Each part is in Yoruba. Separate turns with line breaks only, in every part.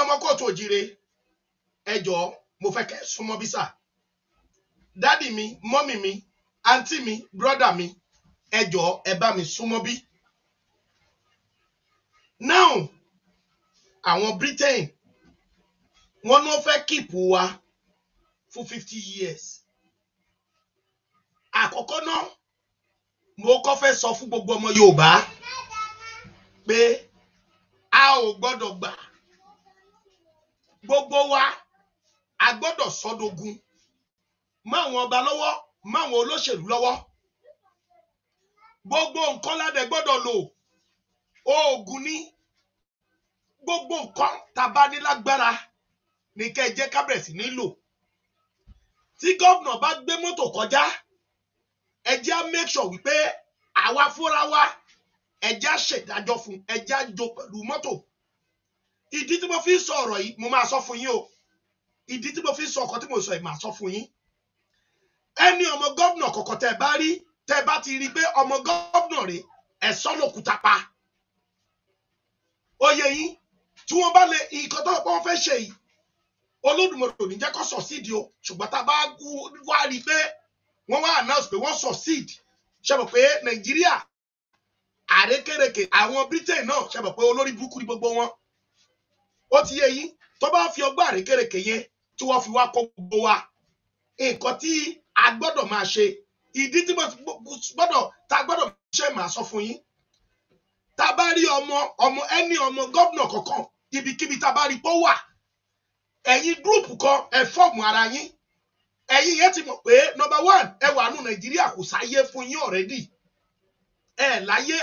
ẹ̀yin ọmọ kóòtù òjire ẹ jọ̀ọ́ mo fẹ́ kẹ́ súnmọ́ bí sà dádì mi mọ́mì mi àǹtí mi brọ́dà mi ẹ jọ̀ọ́ ẹ bá mi súnmọ́ bí. now àwọn Britain wọ́n ló fẹ́ kíìpù wa fún fifty years àkọ́kọ́ náà mo kọ́ fẹ́ sọ fún gbogbo ọmọ Yorùbá pé a ò gbọ́dọ̀ gbà gbogbo wa a gbọ́dọ̀ sọdogun mọ́ àwọn ọba lọ́wọ́ mọ́ àwọn olóṣèlú lọ́wọ́ gbogbo nǹkan ládẹ gbọ́dọ̀ lò oògùn ní gbogbo nǹkan tàbá nílágbára ní kẹ́ ẹ jẹ́ kábẹ̀rẹ̀sì nílò tí gómìnà bá gbé mọ́tò kọjá ẹ make sure wípé àwa fúnra wa ẹ jẹ́ á ṣèdájọ́ fún ẹ jẹ́ á jó ìdí tí mo fi sọ ọ̀rọ̀ yìí mo máa sọ fún yín o ìdí tí mo fi sọ ọkọ tí mo sọ yìí máa sọ fún yín ẹni ọmọ gómìnà kọ̀kọ̀ tẹ́ bá rí tẹ́ bá ti rí pé ọmọ gómìnà rẹ̀ ẹ̀sọ́ lòkúta pa oyè yín tí wọ́n bá lè nǹkan tó pọ́n fẹ́ ṣe yìí Olódùmarè ò ní jẹ́ kó o ṣùgbọ́n tá a bá wá rí i pé wọ́n wá announce pé wọ́n succeed ṣe pé Nàìjíríà àrékèrèkè àwọn Britain náà ṣe pé olórí burúkú ni gbogbo wọn ó ti yé yín tó bá fi ọgbọ́n àrékèrèké yẹn tí wọ́n fi wá kọ́ gbogbo wa nǹkan tí a gbọ́dọ̀ máa ṣe ìdí tí gbọ́dọ̀ tá a gbọ́dọ̀ ṣe máa sọ fún yín tá a bá rí ọmọ ọmọ ẹni ọmọ gómìnà kankan ibikíbi tá bá rí pọ́ wà ẹ̀yin gúrùpù kan ẹ fọ́ọ̀mù ara yín ẹ̀yin yẹn ti mọ̀ pé nọ́mbà one ẹ wà nù nàìjíríà kò sáyé fún yín ọ̀rẹ́dì ẹ láyé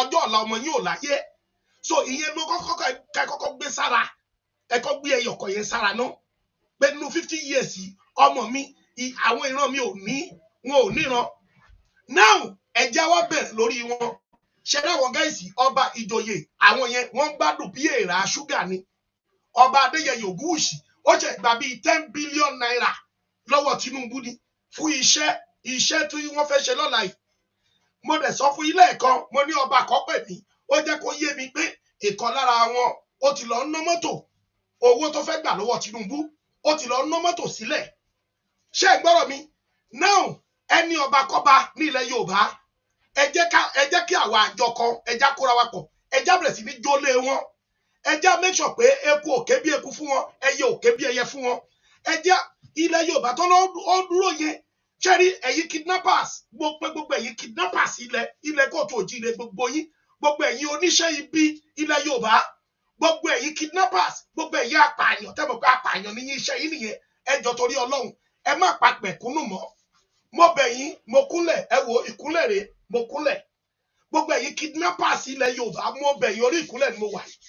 ọjọ́ ọ̀la ọmọ yín ò láyé so ìyẹn ló kọ́kọ́ ká kọ́kọ́ gbé sára ẹ kọ́ gbé ẹyọkọ̀ yẹn sára náà pé nínú fifty years ọmọ mi àwọn ìran mi ò ní wọn ò níran now ẹja wa bẹ̀rẹ̀ lórí wọn ṣẹlẹ̀ àwọn gáìsì ọba ìjòyè àwọn yẹn wọ́n ń gbádùn bí èèrà ṣúgà ni ọba adéyẹyẹ ògúwùsì ó ṣe gbà bíi ten billion naira lọ́wọ́ tinubu ni fún iṣẹ́ iṣẹ́ tí wọ́n fẹ́ ṣe lọ́la yìí mo dẹ̀ sọ fún ilé ẹ̀kọ́ mo ní ọba àkọ́pẹ́ mi ó jẹ́ kó yé mi pé ìkan lára wọn ó ti lọ ná mọ́tò owó tó fẹ́ gbà lọ́wọ́ Tinubu ó ti lọ ná mọ́tò sílẹ̀ ṣé ẹ gbọ́rọ̀ mi now ẹni ọba kọ́ba ní ilẹ̀ Yorùbá ẹ jẹ́ kí àwa àjọ kan ẹ já kóra wa pọ̀ ẹ já bẹ̀rẹ̀ sí ní jólé wọn ẹ já make sure pé eku òkè bí eku fún wọn ẹyẹ òkè bí ẹyẹ fún wọn ẹ já ilẹ̀ Yorùbá tán ó dúró yẹn ṣẹ́rí ẹ̀yin kidnappers gbogbo gbogbo kidnappers ilẹ̀ ilẹ̀ kóòtù òjì ilẹ̀ gbogbo yín gbogbo ẹ̀yin oníṣẹ́ ibi ilẹ̀ Yorùbá gbogbo ẹ̀yin kidnappers gbogbo ẹ̀yin apààyàn tẹ́ mọ̀ pé apààyàn ní iṣẹ́ yìí nìyẹn ẹ jọ torí Ọlọ́run ẹ má pa pẹ̀kúnnù mọ́ mo bẹ̀ yín mo kúnlẹ̀ ẹ wo ìkúnlẹ̀ rẹ̀ mo kúnlẹ̀ gbogbo ẹ̀yin kidnappers ilẹ̀ Yorùbá mo bẹ̀ yín orí ìkúnlẹ̀ ni mo wà yìí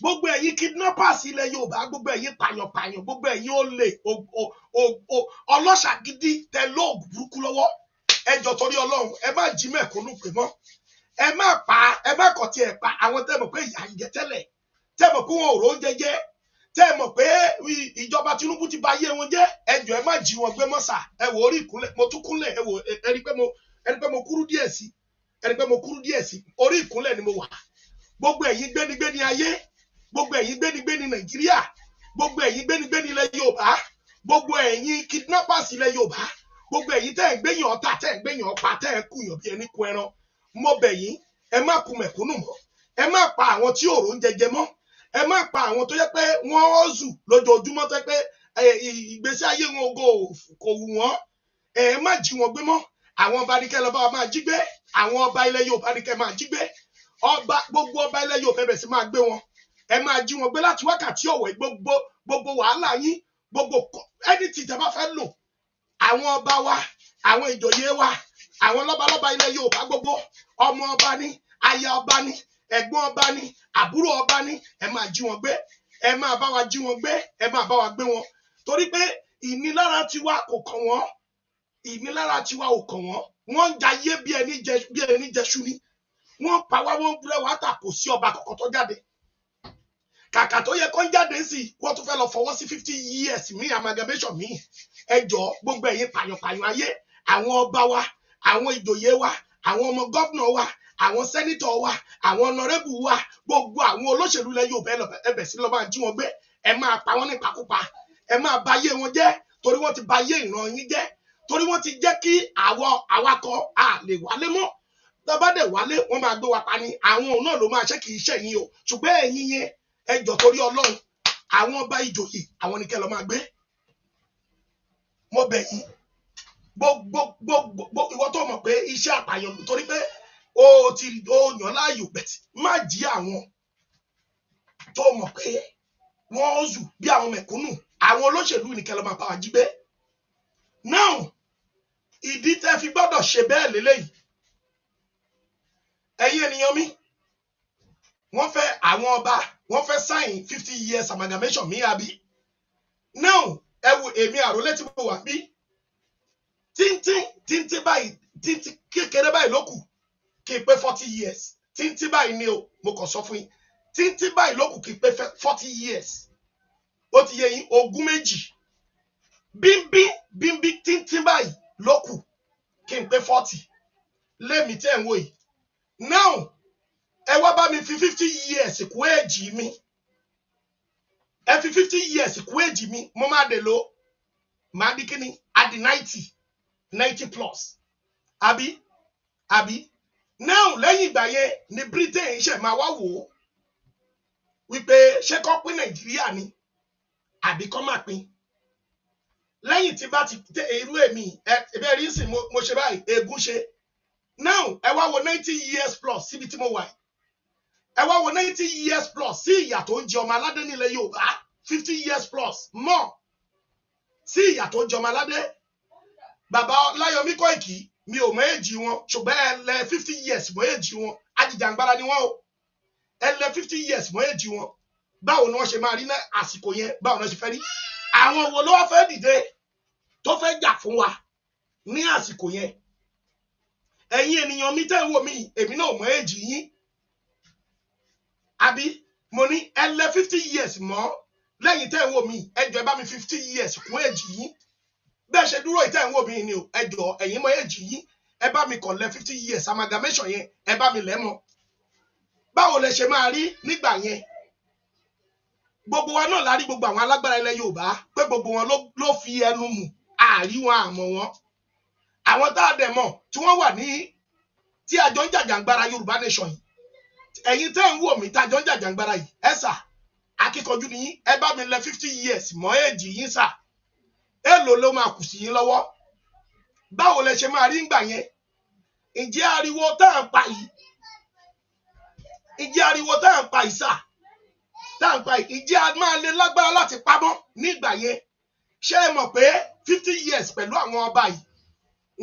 gbogbo ẹ̀yin kidnappers ilẹ̀ Yorùbá gbogbo ẹ̀yin pàyànpàyàn gbogbo ẹ̀yin olè ọlọ́ṣà gidi tẹ lóògùn burúkú lọ́wọ́ ẹ torí Ọlọ́run ẹ má jí mẹ̀kúnnù pè mọ́ ẹ má pa ẹ má kọ̀ tiẹ̀ pa àwọn tẹ́ mọ̀ pé ìyà ń jẹ tẹ́lẹ̀ tẹ́ mọ̀ pé wọn ò rò jẹjẹ tẹ́ mọ̀ pé ìjọba Tinubu ti ba ayé wọn jẹ́ ẹ jọ̀ọ́ ẹ má jí wọn gbé mọ́sà ẹ wò orí ìkúnlẹ̀ mo tún kúnlẹ̀ ẹ wò ẹ pé mo ẹ pé mo kúrú díẹ̀ sí ẹ pé mo kúrú díẹ̀ sí orí ìkúnlẹ̀ ni mo wà gbogbo ẹ̀yin gbénigbéni ayé gbogbo ẹ̀yin gbénigbéni Nàìjíríà gbogbo ẹ̀yin gbénigbéni ilẹ̀ Yorùbá gbogbo ẹ̀yin kidnappers ilẹ̀ Yorùbá gbogbo ẹ̀yin tẹ́ ẹ̀ gbẹ̀yìn ọ̀tá tẹ́ ẹ̀ gbẹ̀yìn ọ̀pá tẹ́ ẹ̀ kùyàn bí ẹni kú ẹran mo bẹ̀ yín ẹ má kú mẹ̀kúnnù mọ́ ẹ má pa àwọn tí òòrùn jẹjẹ mọ́ ẹ má pa àwọn tó yẹ pé wọ́n ọ̀zù lójoojúmọ́ tó yẹ pé ìgbésí ayé wọn kò wù wọ́n ẹ má jí wọn gbé mọ́ àwọn ọba nìkẹ́ lọ́ba máa jí gbé àwọn ọba ilẹ̀ Yorùbá nìkẹ́ máa jí gbé ọba gbogbo ọba ilẹ̀ Yorùbá bẹ̀rẹ̀ sí máa gbé wọn ẹ máa jí wọn gbé láti wákàtí ọ̀wẹ́ gbogbo gbogbo wàhálà yín gbogbo ẹni tí ìjọba fẹ́ lò àwọn ọba wa àwọn ìjòyè wa àwọn lọ́balọ́ba ilẹ̀ Yorùbá gbogbo ọmọ ọba ni aya ọba ni ẹ̀gbọ́n ọba ni àbúrò ọba ni ẹ máa jí wọn gbé ẹ máa bá wa jí wọn gbé ẹ máa bá wa gbé wọn torí pé ìnilára tiwa kò kàn wọ́n ìnilára tiwa ò kàn wọ́n wọ́n ń jayé bí ẹni jẹ bí ẹni jẹṣu ni wọ́n pa wá wọ́n búrẹ́ wá tà kò sí ọba kọ̀ọ̀kan tó jáde kàkà tó yẹ kó ń jáde sí wọ́n tún fẹ́ lọ fọwọ́ sí fifty years mi amalgamation mi ẹ gbogbo ẹ̀yin pàyànpàyàn ayé àwọn ọba wa àwọn ìjòyè wa àwọn ọmọ gómìnà wa àwọn sẹ́nítọ̀ wa àwọn ọ̀nàrẹ́bù wa gbogbo àwọn olóṣèlú ilẹ̀ Yorùbá ẹbẹ̀ sí lọ́ba tí wọ́n gbé ẹ máa pa wọ́n nípakúpa ẹ máa ba ayé wọn jẹ́ torí wọ́n ti ba ayé ìran yín jẹ́ torí wọ́n ti jẹ́ kí àwọ awakọ̀ a lè wálé mọ́ tọ́ba dẹ̀ wálé wọ́n máa gbé wa pa ni àwọn òun náà ló máa ṣe kì í ṣe yín o ṣùgbọ́n ẹ̀yin yẹn ẹ jọ̀ torí Ọlọ́run àwọn ọba ìjòyè àwọn nìkẹ́ lọ́ máa gbé mọ́bẹ̀ yìí gbogbogbogbo ìwọ tó mọ̀ pé iṣẹ́ àpàyàn torí pé o ti o yàn láàyò bẹ̀tì má jí àwọn tó mọ̀ pé wọ́n zù bí àwọn mẹ̀kúnnù àwọn olóṣèlú ní kẹlẹ́ máa bá wa jí gbé now ìdí tẹ́ fi gbọ́dọ̀ ṣe bẹ́ẹ̀ lélẹ́yìí ẹ̀yin ènìyàn mi wọ́n fẹ́ àwọn ọba wọ́n fẹ́ sign fifty years amalgamation mi àbí now ẹ wo èmi àròlé tí mo wà bíi tíntín tíntín báyìí tíntín kékeré báyìí ló kù kì í pé forty years tíntín báyìí ni o mo kàn sọ fún yín tíntín báyìí ló kù kì í pé forty years ó ti yẹ yín ogún méjì bímbín bímbín tíntín báyìí ló kù kì í pé forty lémi tẹ́ ń wò yìí now ẹ wá bá mi fi fifty years kú èjì mi ẹ fi fifty years kú èjì mi mo máa dè lo màá di kíni adi ninety ninety plus Abi, abi. now lẹ́yìn ìgbà yẹn ni Britain ṣe máa wá wò ó wípé ṣé kọ́ pín Nàìjíríà ni àbí kọ́ máa pín lẹ́yìn tí bá ti tẹ irú èmi ẹ̀bẹ̀ rí sìn mo ṣe báyìí egun ṣe now ẹ wá wo ninety years plus síbi tí mo wà yìí ẹ wá wo ninety years plus sí ìyà tó ń jẹ ọmọ aládé nílẹ̀ Yorùbá fifty years plus more sí ìyà tó ń jẹ ọmọ aládé bàbá ọláyọmí kọ́ìkì mi ò mọ èjì wọn ṣùgbọ́n ẹ lẹ fifty years mọ èjì wọn ajìjàngbara ni wọn o ẹ lẹ fifty years mọ èjì wọn báwo ni wọ́n ṣe máa rí ní àsìkò yẹn báwo ni wọ́n ṣe fẹ́ rí àwọn wo ló wá fẹ́ dìde tó fẹ́ jà fún wa ní àsìkò yẹn ẹ̀yin ènìyàn mi tẹ́ ń wò mí èmi náà mọ èjì yín àbí mo ní ẹ lẹ fifty years mọ́ lẹ́yìn tẹ́ ń wò mí ẹ jọ ẹ bá mi fifty years kún èjì yín bẹ́ẹ̀ ṣe dúró ìtẹ́ ìwọ̀n obìnrin ni o ẹ jọ ẹ̀yin mọ́ èjì yìí ẹ bá mi kàn lẹ fifty years amalgamation yẹn ẹ bá mi lẹ́ mọ́ báwo lẹ ṣe máa rí nígbà yẹn gbogbo wa náà la rí gbogbo àwọn alágbára ilẹ̀ Yorùbá pé gbogbo wọn ló fi ẹnu mú àárí wọn àmọ́ wọn àwọn tá a dẹ̀ mọ̀ tí wọ́n wà ní tí a jọ ń jàjàngbara Yorùbá nation yìí ẹ̀yin tẹ́ ń wò mí tá a ń jàjàngbara yìí ẹ sà akíkanjú nìyí ẹ bá mi lẹ fifty years mọ́ èjì yín sà èèlò ló máa kù sí yín lọ́wọ́ báwo lẹ ṣe máa rí ngbà yẹn ǹjẹ́ ariwo tá à ń pa yìí ǹjẹ́ ariwo tá à ń pa yìí sà tá à ń pa yìí ǹjẹ́ máa lè lágbára láti pamọ́ nígbà yẹn ṣé ẹ mọ̀ pé fifty years pẹ̀lú àwọn ọba yìí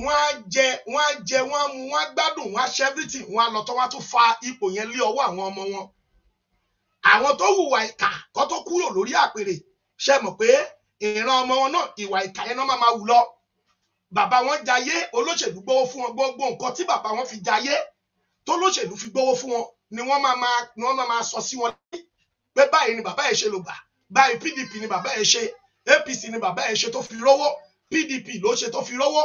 wọ́n á jẹ wọ́n á jẹ wọ́n á mu wọ́n á gbádùn wọ́n á ṣe everything wọ́n á lọ tán wọ́n á tún fa ipò yẹn lé ọwọ́ àwọn ọmọ wọn àwọn tó hùwà ìkà kó tó kúrò lórí àpèrè ṣe mọ̀ pé ìran ọmọ wọn náà ìwà ìkà yẹn náà máa máa wù lọ bàbá wọn jayé olóṣèlú gbowó fún wọn gbogbo nǹkan tí bàbá wọn fi jayé tó lóṣèlú fi gbowó fún wọn ni wọ́n máa máa ni wọ́n máa máa sọ sí wọn pé báyìí ni bàbá yẹn ṣe ló gbà báyìí PDP ni bàbá yẹn ṣe APC ni bàbá yẹn ṣe tó fi rówó PDP ló ṣe tó fi rówó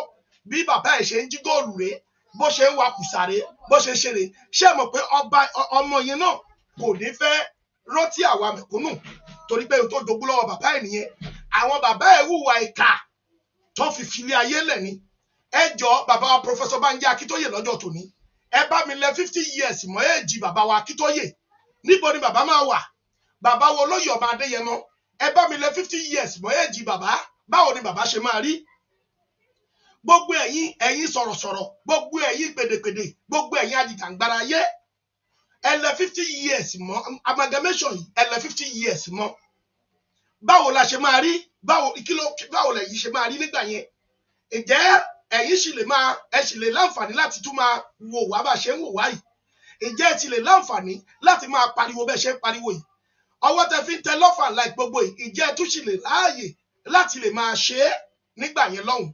bí bàbá yẹn ṣe ń jí góòlù rèé bó ṣe ń wa kùsàrè bó ṣe ṣeré ṣé mọ̀ pé ọba ọmọ yẹn náà kò ní fẹ́ rántí àwa mẹ̀kúnnù torí pé o tó dogún lọ́wọ́ bàbá ẹ̀ nìyẹn àwọn bàbá ẹ̀ hùwà ìkà tó fi filé ayé lẹ̀ ni ẹ jọ bàbá wa Professor Banji Akitoye lọ́jọ́ tòní ẹ bá mi lẹ fifty years mọ́ èjì bàbá wa Akitoye níbo ni bàbá máa wà bàbá wo olóyè ọba Adéyẹmọ ẹ bá mi lẹ fifty years mọ́ èjì bàbá báwo ni bàbá ṣe máa rí gbogbo ẹ̀yin ẹ̀yin sọ̀rọ̀sọ̀rọ̀ gbogbo ẹ̀yin gbèdégbèdé gbogbo ẹ̀yin ajìjàngbara ayé ẹ lẹ fifty years mọ́ amalgamation yìí ẹ lẹ fifty years mọ́ báwo la ṣe máa rí báwo kí ló la lẹ̀yin ṣe máa rí nígbà yẹn ǹjẹ́ ẹ̀yin sì lè máa ẹ sì lè láǹfààní láti tún máa wò wá bá ṣe ń wò wá yìí ǹjẹ́ ẹ ti lè láǹfààní láti máa pariwo bẹ́ẹ̀ ṣe ń pariwo yìí ọwọ́ tẹ fi ń tẹ lọ́fà láì gbogbo yìí ǹjẹ́ ẹ tún sì lè láàyè láti lè máa ṣe é nígbà yẹn lọ́hùn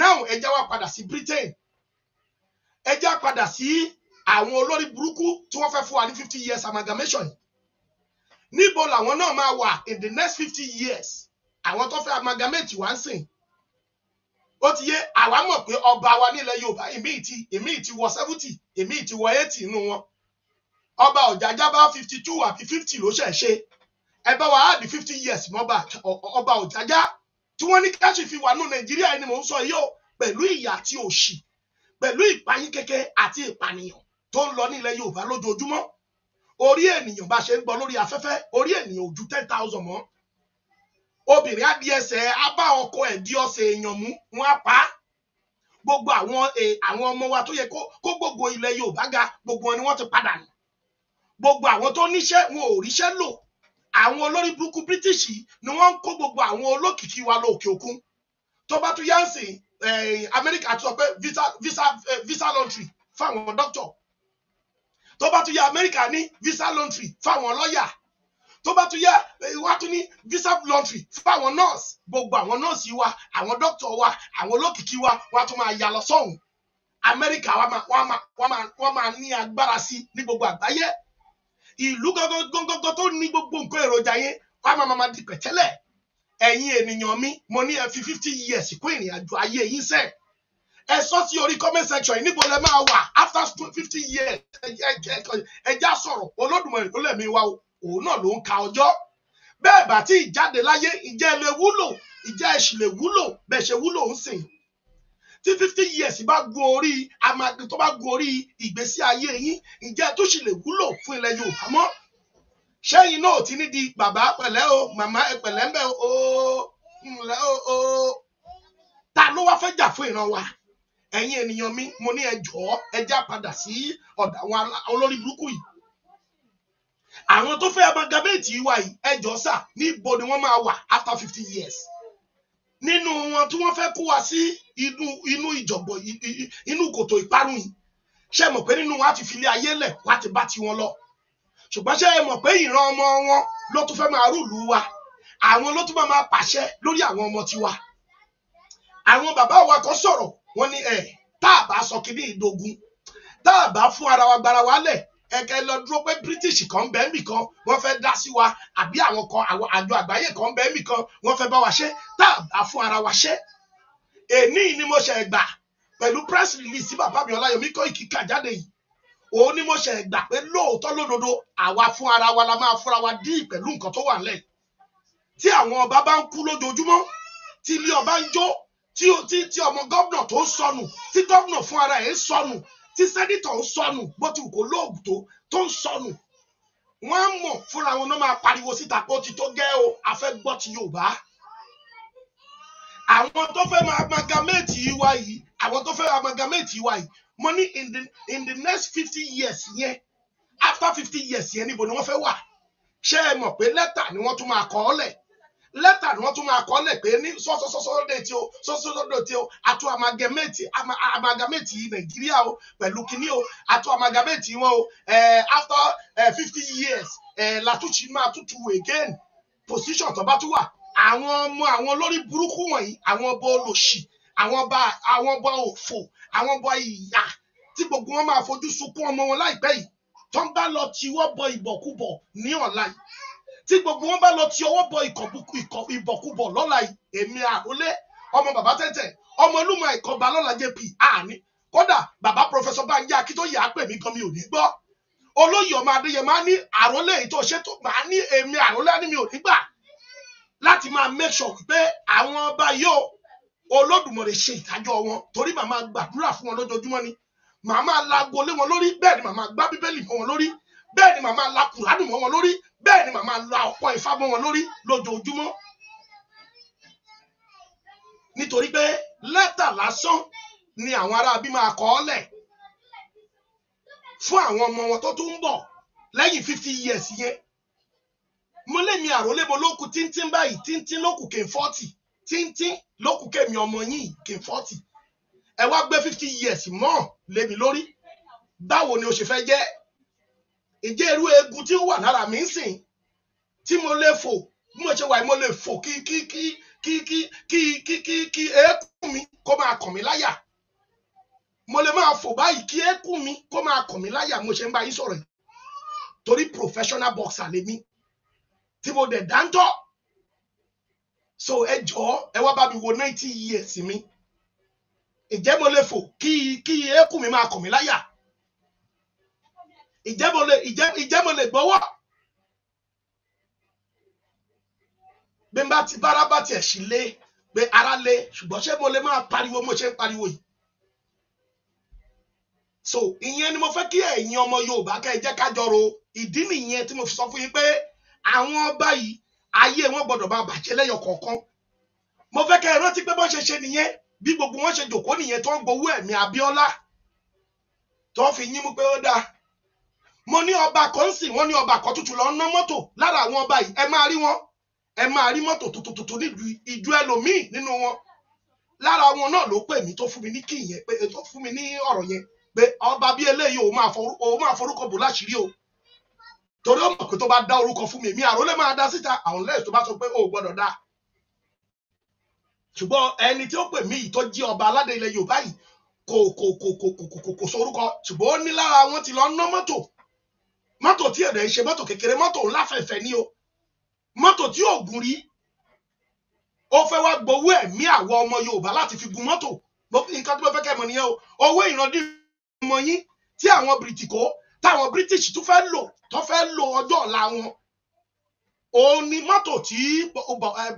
náà ẹ wa padà sí Britain ẹ padà sí àwọn olórí burúkú tí wọ́n fẹ́ fún wa ní fifty years amalgamation yìí níbo làwọn náà máa wà in the next fifty years àwọn tó fẹ́ amalgamate wá ń sìn ó ti yé àwa mọ̀ pé ọba wa nílẹ̀ Yorùbá èmi ìtì èmi ìtì wọ seventy èmi ìtì wọ eighty inú wọn ọba ọ̀jájá bá fifty two àbí fifty ló ṣẹ̀ ṣe ẹ bá wa áàdì fifty years mọ́ba ọba ọ̀jájá tí wọ́n ní káṣí fi wà nù Nàìjíríà ẹni mò ń sọ yìí o pẹ̀lú ìyà àti òṣì pẹ̀lú ìpayín kẹ̀kẹ́ àti ìpànìyàn tó ń lọ nílẹ̀ Yorùbá lójoojúmọ́ orí ènìyàn bá ṣe ń gbọ́ lórí afẹ́fẹ́ orí ènìyàn ò ten thousand mọ́ obìnrin á di ẹsẹ̀ á bá ọkọ ẹ̀ di ọ̀sẹ̀ èèyàn mú wọn á pa á gbogbo àwọn e, àwọn ọmọ wa tó yẹ kó gbogbo ilẹ̀ Yorùbá ga gbogbo wọn ni wọ́n ti padà nù gbogbo àwọn tó níṣẹ́ wọn ò ríṣẹ́ lò àwọn olórí burúkú British ni wọ́n ń kó gbogbo àwọn olókìkí wa lọ òkè òkun tó bá tún yá ń sìn e, tó sọ pé visa visa e, visa lottery fáwọn dókítà tó bá tún yá amẹ́ríkà ní visa laundry fáwọn lọ́yà tó bá tún yá eh, wá tún ní visa laundry fáwọn nurse gbogbo àwọn nurse wa àwọn doctor wa àwọn olókìkí wa wá tún máa yà lọ sọ́hùn amẹ́ríkà wọ́n máa ní agbára sí ní gbogbo àgbáyé ìlú gọ́gọ́gọ́gọ́ tó ní gbogbo nǹkan èròjà yẹn wọ́n máa máa di pẹ̀tẹ́lẹ̀ ẹ̀yin ènìyàn mi mo ní ẹ fi fifty years kún ìrìn àjò ayé yín sẹ́ẹ̀ ẹ sọ sí orí comment section níbo lẹ máa wà after fifty years ẹja sọ̀rọ̀ olódùmarè ló lẹ̀mí wa òun náà ló ń ka ọjọ́ bẹ́ẹ̀ bá tí ìjáde láyé ìjẹ́ lè wúlò ìjẹ́ ẹ̀sì lè wúlò bẹ́ẹ̀ ṣe wúlò ń sìn tí fifty years bá gun orí amagi tó bá gun orí ìgbésí ayé yín ìjẹ́ tó sì lè wúlò fún ilẹ̀ Yorùbá mọ́ ṣẹ́yìn náà ti ní di bàbá pẹ̀lẹ́ o màmá pẹ̀lẹ́ ń bẹ̀ o ńlẹ́ o ta ló wá fẹ́ jà fún ìran wa ẹ̀yin ènìyàn mi mo ní ẹ jọ̀ọ́ ẹ já padà sí ọ̀dà àwọn olórí burúkú yìí àwọn tó fẹ́ amagabéètì wa yìí ẹ sà níbo ni wọ́n máa wà after fifty years nínú wọn tí wọ́n fẹ́ kó wa sí inú inú ìjọ̀gbọ̀n inú kòtò ìparun yìí ṣe mọ̀ pé nínú wọn á ti filé ayé lẹ̀ wá ti bá tiwọn lọ ṣùgbọ́n ṣe mọ̀ pé ìran ọmọ wọn ló tún fẹ́ máa rúlu wa àwọn ló tún máa pàṣẹ lórí àwọn ọmọ tiwa àwọn bàbá wa kan sọ̀rọ̀ wọ́n ní ẹ̀ tá a bá sọ kíní ìdogun tá a bá fún ara wa gbara wa lẹ̀ ẹ̀kẹ́ lọ dúró pé British kan bẹ́ẹ̀ mì kan wọ́n fẹ́ dá sí wa àbí àwọn kan àwọn àjọ àgbáyé kan bẹ́ẹ̀ mì kan wọ́n fẹ́ bá wa ṣe tá a bá fún ara wa ṣe èní ni mo ṣe gbà pẹ̀lú press release sí bàbá mi Ọláyọmí Koiki kà jáde yìí òun ni mo ṣe gbà pé lóòótọ́ lódodo àwa fún ara wa la máa fúnra wa dí pẹ̀lú nǹkan tó wà nílẹ̀ tí àwọn ọba bá ń kú lójoojúmọ́ tí ilé ọba ń jó tí tí tí ọmọ gómìnà tó sọnù tí gómìnà fún ara ẹ̀ sọnù tí sẹ́nitọ̀ ń sọnù bó ti kò lóògùn tó tó ń sọnù wọ́n á mọ̀ fúnra wọn náà máa pariwo síta pé ó ti tó gẹ́ o a fẹ́ gbọ́ ti Yorùbá àwọn tó fẹ́ máa amalgamate yìí wá yìí àwọn tó fẹ́ amalgamate yìí wá yìí mo ní in the in the next fifty years yẹn after fifty years yẹn níbo ni wọ́n fẹ́ wà ṣé ẹ mọ̀ pé lẹ́tà ni wọ́n tún máa kọ ọ́ lẹ̀ lẹ́tà ni wọ́n tún máa kọ́ lẹ̀ pé ní sọ́sọ́sọ́sọ́dẹ̀ tí o sọ́sọ́sọ́dẹ̀ tí o àtún amagamẹ́tì amagamẹ́tì nàìjíríà o pẹ̀lú kínní o àtún amagamẹ́tì wọn o after fifty years látúnṣe máa tútù again position tó bá tún wà àwọn ọmọ àwọn olórí burúkú wọ̀nyí àwọn ọba olòṣì àwọn ọba àwọn ọba òfò àwọn ọba ìyà tí gbogbo wọn máa fojú sunkún ọmọ wọn láìpẹ́ yìí tó ń bá lọ tiwọ́ bọ ìbọ̀kúbọ̀ ní ọ̀la yìí tí gbogbo wọn bá lọ ti ọwọ́ bọ ìbọ̀kúbọ̀ lọ́la èmi àrólé ọmọ bàbá tẹ́tẹ́ ọmọ olúmọ ìkọba lọ́la jp àní kódà bàbá pọfẹsọ Bánjí Akíntóyè àpè mí gan mi ò ní gbọ́ olóyè ọmọ Adéyẹmọ á ní àrólé èyí tó ṣe tó máa ní èmi àrólé á mi ò ní gbà láti máa make sure pé àwọn ọba yóò Olódùmarè ṣe ìdájọ́ wọn torí màá máa gbàdúrà fún wọn lójoojúmọ́ ni màá máa laago lé wọn lórí bẹ́ẹ̀ ni màá gbá bíbélì mọ́ wọn lórí bẹ́ẹ̀ ni màmá la kùránù mọ́ wọn lórí bẹ́ẹ̀ ni màmá la ọ̀pọ̀ ifá mọ́ wọn lórí lójoojúmọ́ nítorí pé lẹ́tà lásán ni àwọn aráabí máa kọ fún àwọn ọmọ wọn tó tún ń bọ̀ lẹ́yìn fifty years yẹn mo lé mi àròlé mo lókù tíntín báyìí tíntín lókù kè fọ́tì tíntín lókù kèmi ọmọ yìí kè fọ́tì ẹ wá gbé fifty years mọ́ lémi lórí báwo ni o ṣe fẹ́ jẹ́ ǹjẹ́ irú eegun tí ó wà lára mi ń sìn tí mo lè fò bí mo ṣe wà mo lè fò kí kí kí kí kí kí kí kí kí eékún mi kó máa kàn mí láyà mo lè máa fò báyìí kí eékún mi kó máa kàn mí láyà mo ṣe ń bá yín sọ̀rọ̀ torí professional boxer lèmi tí mo dẹ̀ dáńtọ́ so ẹ jọ̀ọ́ ẹ wá bá mi wo ninety years mi ǹjẹ́ mo lè fò kí kí eékún mi máa kàn mí láyà ǹjẹ́ mo lè ǹjẹ́ ǹjẹ́ gbọ́wọ́ bí n bá ti bára bá tiẹ̀ sí lé pé ara lé ṣùgbọ́n ṣé mo lè máa pariwo mo ṣe ń pariwo yìí so ìyẹn ni mo fẹ́ kí ẹ̀yin ọmọ Yorùbá kẹ́ ẹ jẹ́ ká jọrò ìdí nìyẹn tí mo fi sọ fún yín pé àwọn ọba yìí ayé wọn gbọ́dọ̀ máa bàjẹ́ lẹ́yọ kọ̀ọ̀kan mo fẹ́ kẹ́ ẹ rántí pé bọ́n ṣe ṣe nìyẹn bí gbogbo wọn ṣe jòkó nìyẹn tó ń gbowó ẹ̀mí Abíọ́lá tó fi yín mú pé ó dáa mo ní ọba kan sì wọ́n ní ọba kan tuntun lọ ná mọ́tò lára àwọn ọba yìí ẹ máa rí wọn ẹ máa rí mọ́tò tuntun nílùú ìjọ ẹlòmíì nínú wọn lára wọn náà ló pè mí tó fún mi ní kí yẹn pé eh, tó fún mi ní ọ̀rọ̀ yẹn pé ọba bí eléyìí òun máa forúkọ bò láṣìírí o torí ó mọ̀ pé tó bá dá orúkọ fún mi èmi àrólé máa dá síta àwọn lẹ́yìn tó bá sọ pé o ò gbọ́dọ̀ dá ṣùgbọ́n ẹni tí ó pè mí yìí tó jí ọba aládé ilẹ̀ Yorùbá yìí kò kò kò kò kò kò kò sọ ṣùgbọ́n ó ní lára wọn ti lọ ná mọ́tò mọ́tò tí ẹ̀rẹ̀ ṣe mọ́tò kékeré mọ́tò ńlá fẹ̀fẹ̀ ni o mọ́tò tí ò gùn rí ó fẹ́ wá gbowó ẹ̀mí àwọn ọmọ Yorùbá láti fi gun mọ́tò nǹkan tí mo fẹ́ kẹ́ mọ̀ nìyẹn o owó ìrandí ọmọ yín tí àwọn bìrìtìkó táwọn British tún fẹ́ lò tó fẹ́ lò ọjọ́ ọ̀la wọn òun ni mọ́tò tí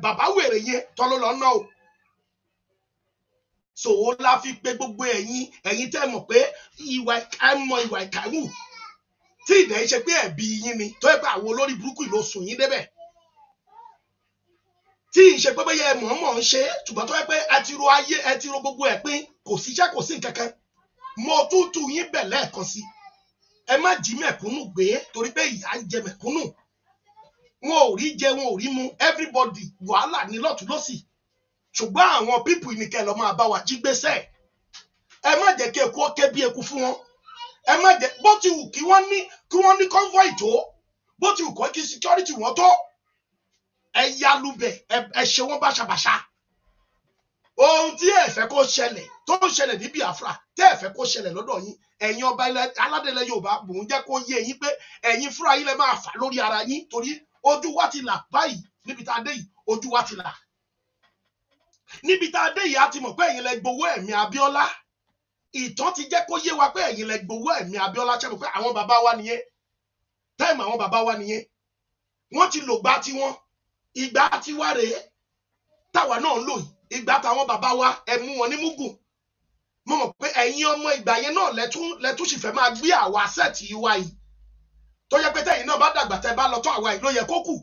bàbá wèrè yẹn tó ló lọ ná o so ó la fi pé gbogbo ẹ̀yin ẹ̀yin tẹ́ mọ̀ pé ìwà ẹ̀mọ ìwà ìkàwù tí ìdẹ̀ ṣe pé ẹ̀bi yín ni tó yẹ pé àwọn olórí burúkú ìlò sùn yín débẹ̀ tí ìṣe pé bóyá ẹ mọ̀ọ́mọ̀ ń ṣe ṣùgbọ́n tó yẹ pé ẹ ti ro ayé ẹ ti ro gbogbo ẹ̀ pín kò síṣẹ́ kò sí nǹkan kan mo tútù yín bẹ̀ lẹ́ẹ̀kan sí ẹ má jí mẹ̀kúnnù gbé torí pé ìyá ń jẹ mẹ̀kúnnù wọn ò rí jẹ wọn ò rí mu everybody wàhálà ní lọ́tùlọ́sì ṣùgbọ́n àwọn pípù ìnìkẹ́ lọ́ máa bá wa jí gbéṣẹ́ ẹ má jẹ́ kí eku ó bí eku fún wọn ẹ má jẹ bó ti wù kí wọ́n ní kí wọ́n ní convoy tó bó ti wù kọ́ kí security wọn tó ẹ yálùbẹ̀ ẹ ṣe wọ́n báṣabàṣa ohun tí ẹ fẹ́ kó ṣẹlẹ̀ tó ń ṣẹlẹ̀ ní Biafra tẹ́ ẹ fẹ́ kó ṣẹlẹ̀ lọ́dọ̀ yín ẹ̀yin ọba ilẹ̀ aládẹ́lẹ̀ Yorùbá mò ń jẹ́ kó yé yín pé ẹ̀yin fúnra yín lẹ máa fà lórí ara yín torí ojú wa ti là báyìí níbi tá a dé yìí ojú wa ti là níbi tá a dé yìí a ti mọ̀ pé ẹ̀yin lẹ gbowó ẹ̀mí Abíọ́lá ìtàn ti jẹ́ kó yé wa pé ẹ̀yin lẹ gbowó ẹ̀mí Abíọ́lá ṣẹ́gun pé àwọn bàbá wa nìyẹn táìmù àwọn bàbá wa nìyẹn wọ́n ti lògbà tiwọn ìgbà tiwa rèé táwa náà lò yìí ìgbà táwọn bàbá wa ẹ mú wọn ní mugun mo mọ̀ pé ẹ̀yin ọmọ ìgbà yẹn náà lẹ́tún lẹ́tún sì fẹ́ máa gbé àwa sẹ́ẹ̀tì wa yìí tó yẹ pé tẹ̀yin náà bá dàgbà tẹ́ bá lọ tán àwa yìí ló yẹ kó kù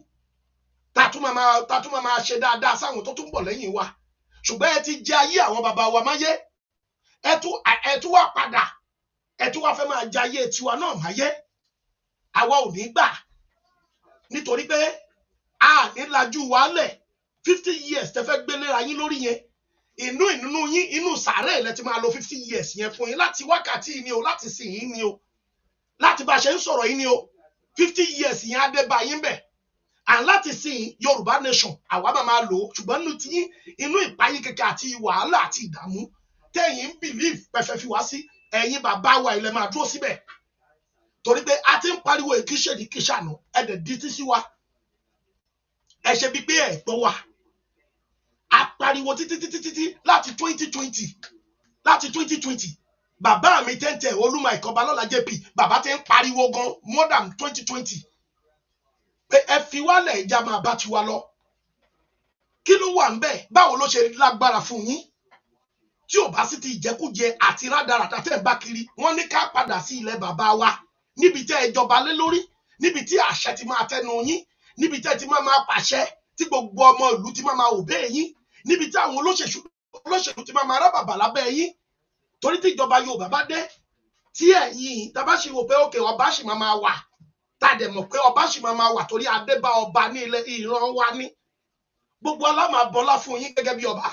tàtúmọ̀ máa tàtúmọ̀ máa ṣe dáadáa sáwọn tó tún bọ̀ lẹ́yìn wa ṣùgbọ́n ẹ ti jẹ ayé àwọn bàbá wa máyé ẹ tún wá padà ẹ tún wá fẹ́ máa jayé tiwa náà máyé àwa ò ní gbà nítorí pé a ní lajú wálẹ̀ fifty years tẹ fẹ́ gbélé ayín lórí yẹn inú ìnúnú yín inú sàárẹ̀ lẹ ti máa lo fifty years yẹn fún yín láti wákàtí yìí ni o láti sìn yín ni o láti bá a ṣe ń sọ̀rọ̀ yín ni o fifty years yẹn á dé bá yín bẹ̀ and láti sìn Yorùbá nation àwa máa máa lò ó ṣùgbọ́n inú ti yín inú ìpayín kẹkẹ àti wàhálà àti ìdààmú tẹ̀yìn ń believe pẹ̀fẹ́ fi wá sí ẹ̀yin bàbá wa ilẹ̀ máa dúró síbẹ̀ torí pé a ti ń pariwo ìkíṣèdí kíṣànú ẹ̀dẹ̀ dítí sí wa ẹ ṣe bí pé ẹ̀ gbọ́ wa a pariwo títí títí títí láti twenty twenty láti twenty twenty bàbá mi tẹ́ntẹ́ olúmọ ìkọba lọ́la jp bàbá ti ń pariwo gan more than twenty twenty pé ẹ fi wálẹ̀ ìjà máa bá tiwa lọ kí ló wà ń bẹ̀ báwo ló ṣe lágbára fún yín tí ò bá sí ti ìjẹkújẹ àti rádaràdà tẹ́ bá kiri wọ́n ní ká padà sí ilẹ̀ bàbá wa níbi tẹ́ ẹ jọba lé lórí níbi tí àṣẹ ti máa tẹnu yín níbi tẹ́ ti máa máa pàṣẹ tí gbogbo ọmọ ìlú ti máa máa òbé yín níbi tí àwọn olóṣèlú olóṣèlú ti máa máa rá bàbà lábẹ́ yín torí tí ìjọba Yorùbá bá dé tí ẹ̀yin tàbá sì pé òkè ọba sì máa máa wà tá a pé ọba sì máa máa wà torí adé ọba ní ilẹ̀ ìran wa ní gbogbo alámàbọ́lá fún yín gẹ́gẹ́ bí ọba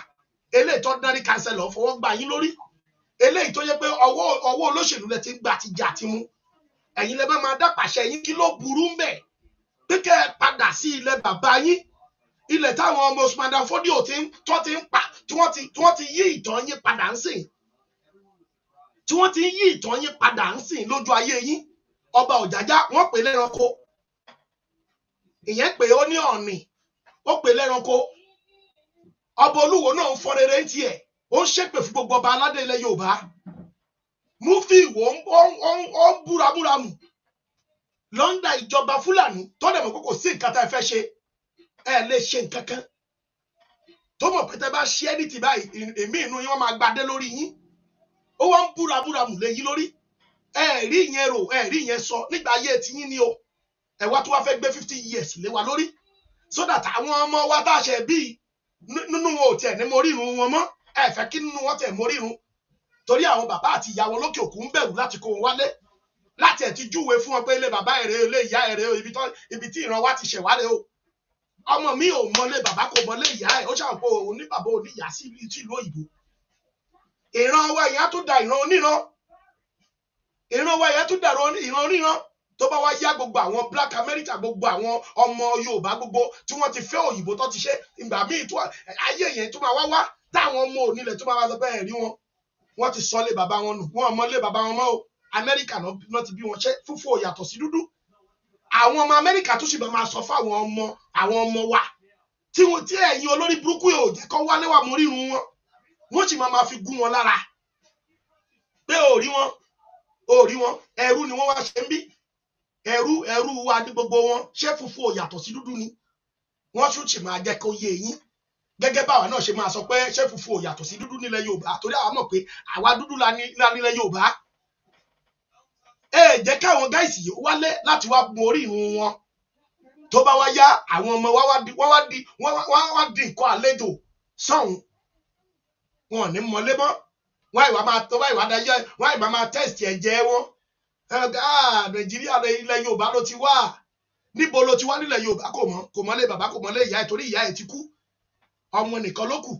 eléyìí tó dárí kanṣẹ́lọ̀ fọwọ́ gbà yín lórí eléyìí tó yẹ pé ọwọ́ ọwọ́ olóṣèlú lẹ ti gbà ti jà ti mú ẹ̀yin lẹ bá máa dá pàṣẹ yín kí ló burú ń bẹ̀ pé kẹ́ ẹ padà sí ilẹ̀ bàbá yín ilẹ̀ táwọn ọmọ Usman Dan Fodio tí wọ́n ti ń pa tí wọ́n ti tí wọ́n ti yí ìtàn yín padà ń sìn tí wọ́n ti yí ìtàn yín padà ń sìn lójú ayé yín ọba Ọ̀jájá wọ́n pè lẹ́ranko ìyẹn pé ó ní ọ̀nì ó pè lẹ́ranko ọba olúwo náà ń fọ rere ń tiẹ̀ ó ń ṣépè fún gbogbo ọba aládé ilẹ̀ yorùbá múfì ìwò ó ń búramúramù lọ́ndà ìjọba fúlàní tó dẹ̀ mọ̀ pé kò sí nǹkan tá ẹ fẹ́ ṣe ẹ lè ṣe nǹkan kan tó mọ̀ pé tẹ́ bá ṣe ẹni tì báyìí èmi inú yín wọ́n máa gbadé lórí yín ó wọ́n ń búramúramù lé yín lórí ẹ rí ìyẹn rò ẹ rí ìyẹn sọ nígbà ayé ti yín ni o ẹ wá tó wá fẹ́ gbé fifty years lé wa lórí so that àwọn ọmọ wa tá a ṣe bíi nínú wọn ò tiẹ̀ ní mo rí irun wọn mọ́ ẹ fẹ́ kí nínú wọn tiẹ̀ mo rí irun torí àwọn bàbá àti ìyàwó lókè òkun ń bẹ̀rù láti kó wọn wálé láti ẹ̀ ti júwe fún wọn pé ilé bàbá èrè ilé ìyá èrè o ibi tí ìran wa ti ṣẹ̀ wálé o ọmọ mi ò mọlé bàbá kò mọlé ìyá ẹ̀ ó ṣàǹkó oníbàbá oníyà sí ìlú òyìnbó ìran wa ìyá tó da ìran oníran ìran wa ìyá tó dàrú ìran oníran tó bá wá yá gbogbo àwọn black america gbogbo àwọn ọmọ yorùbá gbogbo tí wọ́n ti fẹ́ òyìnbó tó ti ṣe ìgbà míì tó ayé yẹn tó máa wá wá táwọn ọmọ onílẹ̀ tó máa wá sọ pé ẹ̀rí wọn wọ́n ti sọ lé bàbá wọn nù wọ́n mọ lé bàbá wọn mọ́ o amẹ́ríkà náà ti bí wọn ṣe fúnfú ò yàtọ̀ sí dúdú àwọn ọmọ amẹ́ríkà tó sì máa sọ fáwọn ọmọ àwọn ọmọ wa tí wọn ti ẹ̀yin olórí burúkú yóò jẹ́ kó wá léwà mú rírun wọn wọ́n sì máa fi gún wọn lára pé ò rí wọn ò wọn ẹrú ni wọ́n wá ṣe ń bí ẹrú ẹrú wa ní gbogbo wọn ṣé funfun ò yàtọ̀ sí dúdú ni wọ́n tún ti máa jẹ́ kó yé yín gẹ́gẹ́ báwa náà ṣe máa sọ pé ṣé funfun ò yàtọ̀ sí dúdú nílẹ̀ Yorùbá torí àwa mọ̀ pé àwa dúdú la nílẹ̀ Yorùbá ẹ jẹ́ káwọn gáìsì yìí wálé láti wá gun orí ìrun wọn tó bá wá yá àwọn ọmọ wá wá di wá wá di wá wá di nǹkan àlejò sọ̀hún wọn ò ní mọ́lé mọ́ wọ́n àìwá máa tẹ́sítì ẹ̀jẹ̀ wọn nàìjíríà ilẹ̀ yorùbá ló ti wá níbo ló ti wá nílẹ̀ yorùbá kò mọ̀ kò mọ̀ lé bàbá kò mọ̀ lé ìyá ẹ̀ torí ìyá ẹ̀ ti kú ọmọ nìkan ló kù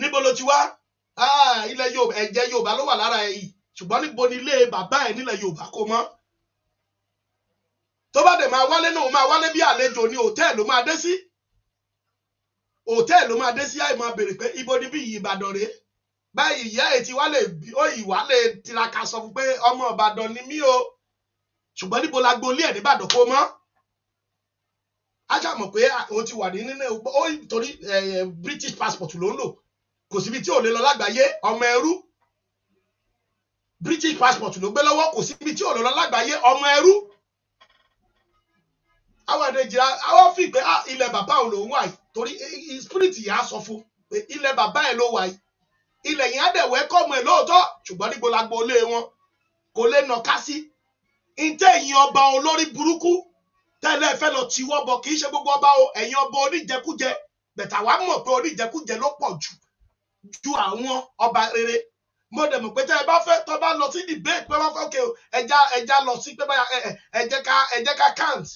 níbo ló ti wá ah, ilẹ̀ yorùbá ẹ̀jẹ̀ yorùbá ló wà lára ẹ̀ yìí ṣùgbọ́n níbo ni ilé bàbá ẹ̀ nílẹ̀ yorùbá kò mọ̀ tó bá dẹ̀ máa wálé náà ó máa wálé bí àlejò ní hòtẹ́ẹ̀lì ló máa dé sí hòtẹ́ẹ̀lì ló máa dé sí àìmọ̀ béèrè pé ibo ni bí Ìbàdàn rèé báyìí ìyá ètí wá lè bí ó ìwà lè tiraka sọ fún pé ọmọ Ìbàdàn ni mí o ṣùgbọ́n níbo la gbolé ẹ̀ nìbàdàn kó mọ́ a ṣáà mọ̀ pé òun ti wà ní nínú ó torí British passport ló ń lò kò síbi tí ò lè lọ lágbàáyé ọmọ ẹrú British passport ló gbé lọ́wọ́ kò síbi tí ò lè lọ lágbàáyé ọmọ ẹrú àwọn àdéjìlá àwọn fi ah, pé ilẹ̀ bàbá òun lòún wà yìí torí spirit yà á sọ fún ilẹ̀ bàbá ẹ̀ ló wà yìí ilẹ̀ yẹn á dẹ̀ wẹ́kọ̀mù ẹ̀ lóòótọ́ ṣùgbọ́n níbo la gbolé wọn kò lè nà ká sí ntẹ́ ẹ̀yin ọba olórí burúkú tẹ́lẹ̀ fẹ́ lọ tiwọ́ bọ̀ kì í ṣe gbogbo ọba o ẹ̀yin ọba oníjẹkújẹ bẹ̀tà wàá mọ̀ pé oníjẹkújẹ ló pọ̀ jù ju àwọn ọba rere mo dẹ̀ mọ̀ pé tẹ́ ẹ bá fẹ́ tọ́ bá lọ sí debate pé wọ́n fẹ́ òkè ẹja ẹja lọ sí pé báyà ẹjẹ́ ká ẹjẹ́ ká count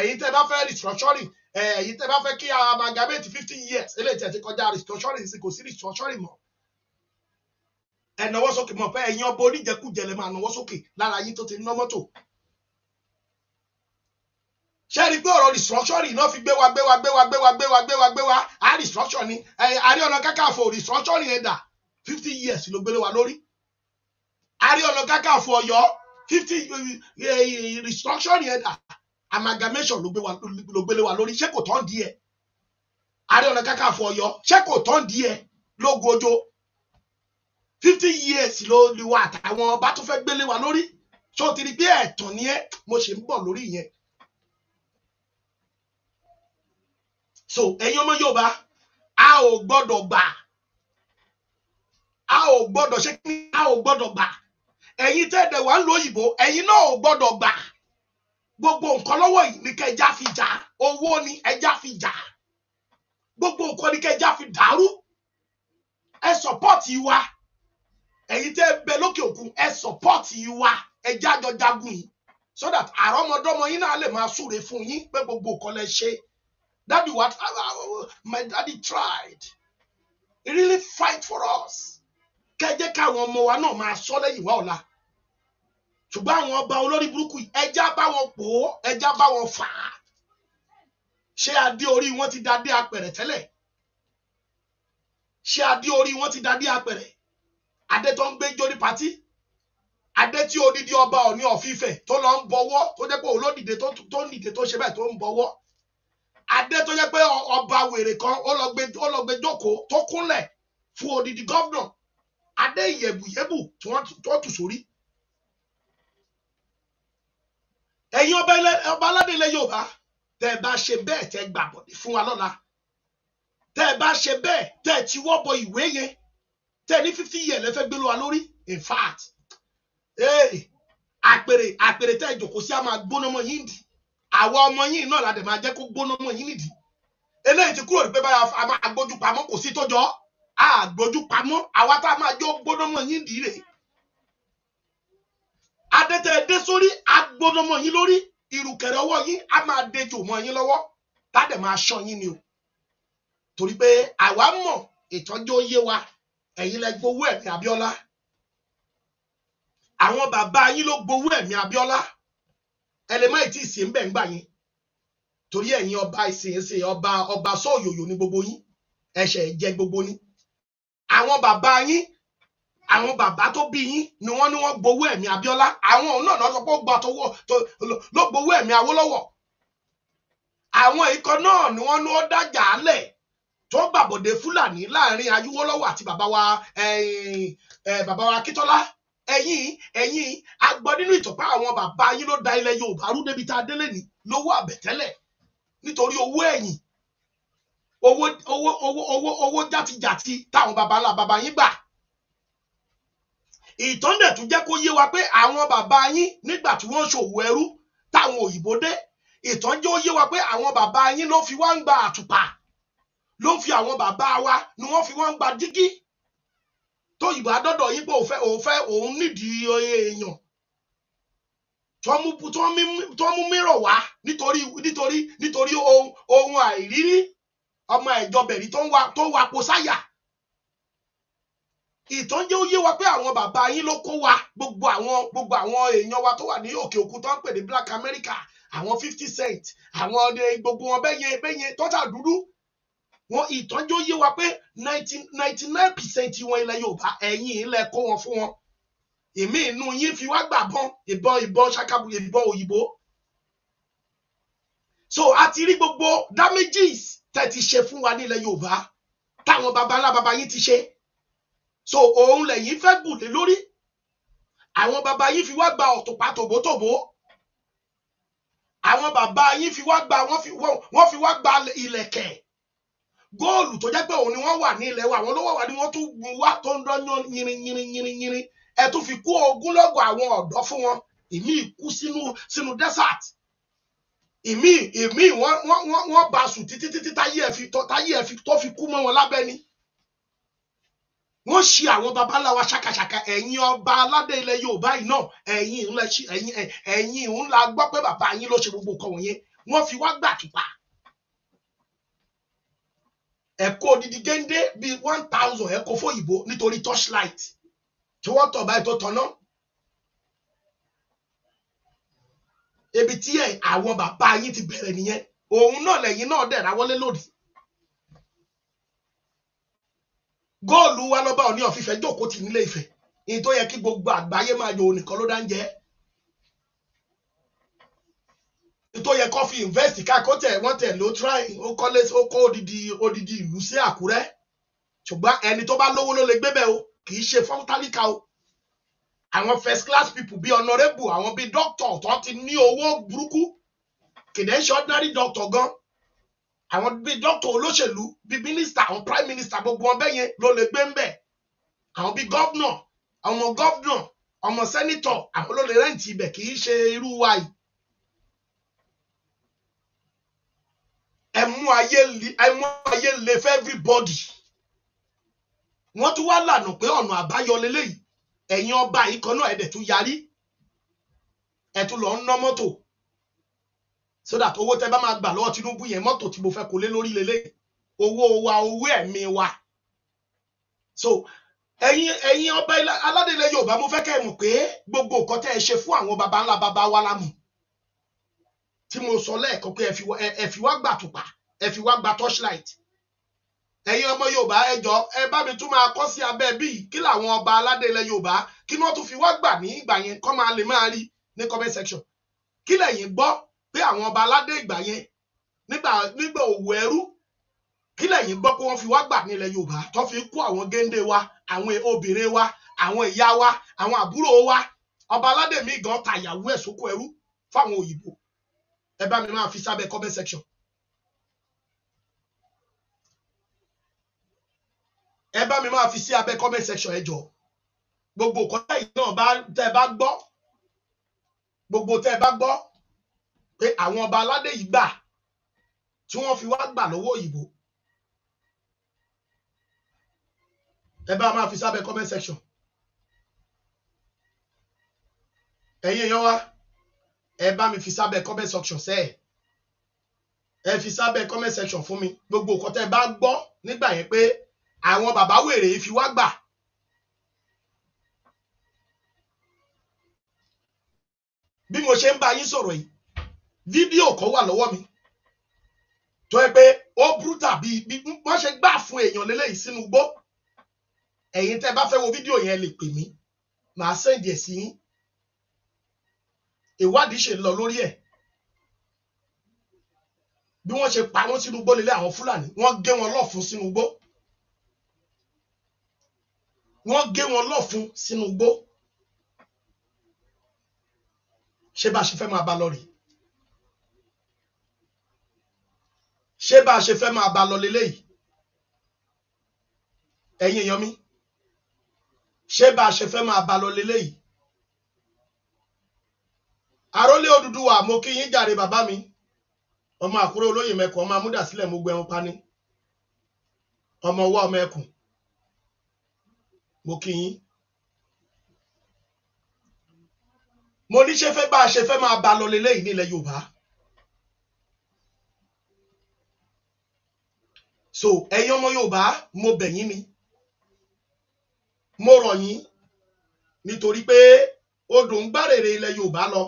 ẹ̀yin tẹ́ ẹ bá fẹ́ restructuring ẹ̀yin tẹ́ ẹ bá fẹ́ kí amalgamate fifty years eléyìí tẹ̀ ti kọjá restructuring sí kò sí restructuring mọ́ ẹ nawọ́ sókè mọ̀ pé ẹ̀yin ọba oníjẹkújẹ lè máa nawọ́ sókè lára yín tó ti ná mọ́tò. ṣé rí i pé ọ̀rọ̀ restructuring náà fi gbé wa gbé wa gbé wa gbé wa gbé wa gbé wa gbé wa á restructuring ni Ààrẹ Ọ̀nà Kakanfò restructuring ẹ̀dà fifty years ló gbélé wa lórí Ààrẹ Ọ̀nà Kakanfò Ọ̀yọ́ fifty eh, eh, restructuring ẹ̀dà amalgamation ló gbélé wa lórí ṣé kò tán díẹ̀ Ààrẹ Ọ̀nà Kakanfò Ọ̀yọ́ ṣé kò tán díẹ̀ lógójó fifty years ló lè wá àtàwọn ọba tó fẹ́ gbélé wa lórí ṣó ti rí pé ẹ̀tàn ni ẹ́ mo ṣe ń bọ̀ lórí yẹn. so ẹ̀yin ọmọ Yorùbá a ò gbọ́dọ̀ gbà a ò gbọ́dọ̀ ṣe kí a ò gbọ́dọ̀ gbà ẹ̀yin tẹ́ẹ̀dẹ̀ wà ń lo òyìnbó ẹ̀yin náà ò gbọ́dọ̀ gbà gbogbo nǹkan lọ́wọ́ yìí ní kẹ́ ẹja fi jà owó ni ẹja fi jà gbogbo nǹkan ní kẹ́ ẹja fi dàrú ẹ sọ́pọ́ọ̀tì wa ẹ̀yin tẹ́ bẹ lókè òkun ẹ sọ̀pọ́ọ̀tì wa ẹ jájọ jagun yìí so that àrọ́mọdọ́mọ yín náà lè máa súre fún yín pé gbogbo nǹkan ṣe daddy what uh, uh, my daddy tried he really fight for us kẹjẹ káwọn ọmọ wa náà máa sọ lẹ́yìn wá ọ̀la ṣùgbọ́n àwọn ọba olórí burúkú yìí ẹja bá wọn pò ó ẹja bá wọn fà á ṣé adé orí wọn ti dá dé apẹ̀rẹ̀ tẹ́lẹ̀ ṣé adé orí wọn ti dá dé apẹ̀rẹ̀ adé tó ń gbé jórí patí adé tí odidi ọba Ọ̀ọ̀ni of Ifẹ̀ tó lọ ń bọwọ́ tó jẹ́ pé olódìde tó ń dìde tó ṣe báyìí tó ń bọwọ́ adé tó jẹ́ pé ọba wèrè kan ó lọ gbé jókòó tó kúnlẹ̀ fún odidi gọ́vnà adé ìyẹ̀bùyẹ̀bù tí wọ́n tù sórí. ẹ̀yin ọba aládé ilẹ̀ Yorùbá tẹ́ ẹ bá ṣe bẹ́ẹ̀ tẹ́ gbàgbọ́ fún wa lọ́la tẹ́ ẹ bá ṣe bẹ́ẹ̀ tẹ́ ẹ ti wọ́ ìwé yẹn tẹ́ fifty years lẹ́fẹ́ gbé lọ́wọ́ lórí in fact àpèrè àpèrè tẹ́ ìjòkó sí a máa gbóná mọ́ yín dì àwa ọmọ yín náà làdẹ̀ máa jẹ́ kó gbóná mọ́ yín nìdí eléyìí ti kúrò ní pé báyà a máa gbójú pamọ́ kò sí tọ́jọ́ a gbójú pamọ́ àwa tá a máa jọ gbóná mọ́ yín dì rèé adẹ́tẹ̀ dé sórí agbóná mọ́ yín lórí ìrùkẹ̀rẹ̀ ọwọ́ yín a máa dejò mọ́ yín lọ́wọ́ tádẹ̀ máa ṣan yín ni o torí pé àwa mọ̀ ìtọ́jú yé wa ẹ̀yin lẹ gbowó ẹ̀mí Abíọ́lá àwọn bàbá yín ló gbowó ẹ̀mí Abíọ́lá ẹ lè má ì tí ì sí ń bẹ̀ ń gbà yín torí ẹ̀yin ọba ìsìnsìn ọba ọba sọ́ọ̀yòyò ní gbogbo yín ẹ̀ṣẹ̀ jẹ gbogbo ní àwọn bàbá yín àwọn bàbá tó bí yín ni wọ́n ní wọ́n gbowó ẹ̀mí Abíọ́lá àwọn òun náà lọ́sọ pé ó gbà tówó ló gbowó ẹ̀mí Awólọ́wọ̀ àwọn ikọ̀ náà ni wọ́n ní wọ́n dájà á lẹ̀ tó gbàbọ̀dé fúlàní láàrin ayúwọ́lọ́wọ́ àti bàbá wa bàbá wa akíntọ́lá ẹ̀yin ẹ̀yin agbọ́ nínú ìtọ̀pá àwọn bàbá yín ló da ilẹ̀ yorùbá rú débi tá a délé ní lówó àbẹ̀tẹ́lẹ̀ nítorí owó ẹ̀yìn owó owó owó owó owó játijàti táwọn bàbá ńlá bàbá yín gbà ìtàn dẹ̀ tún jẹ́ kó yé wa pé àwọn bàbá yín nígbà tí wọ́n ṣòwò ẹrú táwọn òyìnbó dé ìtàn jẹ́ ó yé wa pé àwọn bàbá yín ló fi wá ń gba àtùpà ló ń fi àwọn bàbá wa ni wọ́n fi wọ́n gba dígí tó ìbò adọ́dọ̀ yìí pé òfẹ́ òfẹ́ òun nídìí èèyàn tó mú mírọ̀ wá nítorí nítorí nítorí ohun àìrírí ọmọ ẹ̀jọbẹ̀rí tó wà po sáyà ìtàn jẹ́ ó yé wa pé àwọn bàbá yín ló kó wa gbogbo àwọn gbogbo àwọn èèyàn wa tó wà ní òkè òkun tó ń pè ní Black America àwọn fifty cent àwọn gbogbo wọn bẹ́yẹn bẹ́yẹn tọ́jà dúdú wọn ìtọ́jú yé wa pé ninety nine percent wọn ilẹ̀ Yorùbá ẹ̀yìn ilẹ̀ kó wọn fún wọn ìmí inú yín fi wá gbàbọn ìbọn ìbọn ṣakabu ìbọn òyìnbó so a ti rí gbogbo damages tẹ́ ti ṣe fún wa nílẹ̀ Yorùbá táwọn babalá baba yín ti ṣe so òun lẹ́yìn fẹ́ gùn lé lórí àwọn baba yín fi wá gba ọ̀tùpá tòbótòbó àwọn baba yín fi wá gba wọ́n fi wá gba ilẹ̀kẹ̀ góòlù tó jẹ́ pé òun ni wọ́n wà ní ilẹ̀ wa àwọn olówó wa ni wọ́n tún gun wá tó ń dán yìnrìn yìnrìn yìnrìn yìnrìn ẹ tún fi kó ogúnlọ́gọ̀ àwọn ọ̀dọ́ fún wọn ìmí ìkú sínú sínú desert ìmí ìmí wọ́n wọ́n wọ́n bá sùn títí títí táyé ẹ fi táyé ẹ fi tó fi kú mọ́ wọn lábẹ́ ni wọ́n ṣe àwọn babaláwa ṣàkàṣàkà ẹ̀yin ọba aládé ilẹ̀ Yorùbá yìí náà ẹ̀yin ńlá ẹ̀yin gbọ́ pé bàbá yín ló ṣe gbogbo nǹkan wọ̀nyẹn wọ́n fi wá gbàtúpà ẹ̀kọ́ odidi géńdé bi one thousand ẹ̀kọ́ fóyìnbó nítorí torchlight tí wọ́n tọ̀ báyìí tó tọ̀nà. ebi tí ẹ àwọn bàbá yín ti bẹ̀rẹ̀ nìyẹn òun náà lẹ́yìn náà dẹ̀ ráwọ́lé lòdì. góòlù wa lọ́ba òní ọ̀fífẹ́ jókòó tì nílé Ifẹ̀ èyí tó yẹ kí gbogbo àgbáyé máa yọ nìkan ló dá ń jẹ́ ẹ́. tó yẹ kó fi invest ká kó tẹ̀ wọ́n tẹ̀ ló try ó kọ́lé ó kó odidi odidi ìlú sí àkúrẹ́ ṣùgbọ́n ẹni tó bá lówó ló lè gbé o kì í ṣe fọ́tálíkà o àwọn first class people bíi honourable àwọn bíi doctor tó ti ní owó burúkú kìdẹ́ ṣe ordinary doctor gan àwọn bíi doctor olóṣèlú bíi minister àwọn prime minister gbogbo ọbẹ̀ yẹn ló lè gbé ń bẹ̀ àwọn bíi governor ọmọ governor ọmọ senator àwọn ló lè rẹ́ǹtì ibẹ̀ kì í ṣe irú wa yìí ẹ mú ayé ẹ mú ayé le fẹ́ everybody wọ́n tún wá lànà pé ọ̀nà àbáyọ lélẹ́yìí ẹ̀yin ọba yìí kan náà ẹ̀dẹ̀ tún yarí ẹ̀ tún lọ ń ná mọ́tò so that owó tẹ bá máa gbà lọ́wọ́ Tinubu yẹn mọ́tò tí mo fẹ́ kó lé lórí lélẹ́yìí owó wa owó ẹ̀mí wa so ẹ̀yin ẹ̀yin ọba aládélé Yorùbá mo fẹ́ kẹ́ ẹ mọ̀ pé gbogbo nǹkan tẹ́ ẹ ṣe fún àwọn baba ńlá baba wa la tí mo sọ lẹ́ẹ̀kan pé ẹ fi wá gbàtùpà ẹ fi wá gba torchlight ẹ̀yin ọmọ yorùbá ẹ jọ ẹ bá mi tún máa kọ sí abẹ́ bíi kí làwọn ọba aládé ilẹ̀ yorùbá kí wọ́n tún fi wá gbà ní ìgbà yẹn kọ́ máa lè máa rí ní comment section kí lẹ̀yin gbọ́ pé àwọn ọba aládé ìgbà yẹn nígbà nígbà òwò ẹrú kí lẹ̀yin gbọ́ pé wọ́n fi wá gbà ní ilẹ̀ yorùbá tó fi kó àwọn géńdé wa àwọn obìnrin wa àwọn ìyá wa àwọn àbúrò wa ọba aládé mi gan tàyàwó ẹ̀ sóko ẹrú fáwọn òyìnbó ẹ bá mi máa fi sábẹ́ comment section. ẹ bá mi máa fi sí abẹ́ comment section ẹ jọ gbogbo kọ́tà yìí náà tẹ́ ẹ bá gbọ́ gbogbo tẹ́ ẹ bá gbọ́ pé àwọn ọba aládé yìí gbà tí wọ́n fi wá gbà lọ́wọ́ òyìnbó ẹ bá máa fi sábẹ́ comment section ẹ̀yin èèyàn wa ẹ bá mi fi sábẹ́ comment section sẹ́ ẹ̀ ẹ fi sábẹ́ comment section fún mi gbogbo nǹkan tẹ́ ẹ bá gbọ́ nígbà yẹn pé àwọn bàbá wèrè yìí fi wá gbà. bí mo ṣe ń bá yín sọ̀rọ̀ yìí fídíò kan wà lọ́wọ́ mi tó yẹ pé ó burú tàbí bí wọ́n ṣe gbà fún èèyàn lélẹ́yìí sínú igbó ẹ̀yin tẹ́ bá fẹ́ wo fídíò yẹn lè pè mí màá sẹ́ǹdì ẹ̀ sí yín ìwádìí ṣe ń lọ lórí ẹ̀ bí wọ́n ṣe pa wọ́n sínú igbó nílé àwọn fúlàní wọ́n gé wọn lọ́fun sínú igbó wọ́n gé wọn lọ́fun sínú igbó ṣé bá a ṣe fẹ́ máa bá lọ rí ṣé bá a ṣe fẹ́ máa bá lọ leléyìí ẹ̀yin èèyàn mi ṣé bá a ṣe fẹ́ máa bá lọ leléyìí àrólé Odùduwà mo kí yín jàre bàbá mi ọmọ àkúrò olóyè mẹkọ ọmọ amúdàsílẹ̀ mo gbẹrun pani ọmọ ọwọ́ ọmọ ẹkùn mo kí yín mo ní ṣe fẹ́ bá a ṣe fẹ́ máa ba lọ leléyìí nílẹ̀ Yorùbá so ẹ̀yin ọmọ Yorùbá mo bẹ̀ yín ni mo rọ̀ yín nítorí pé odò ń gbàrèrè ilẹ̀ Yorùbá lọ.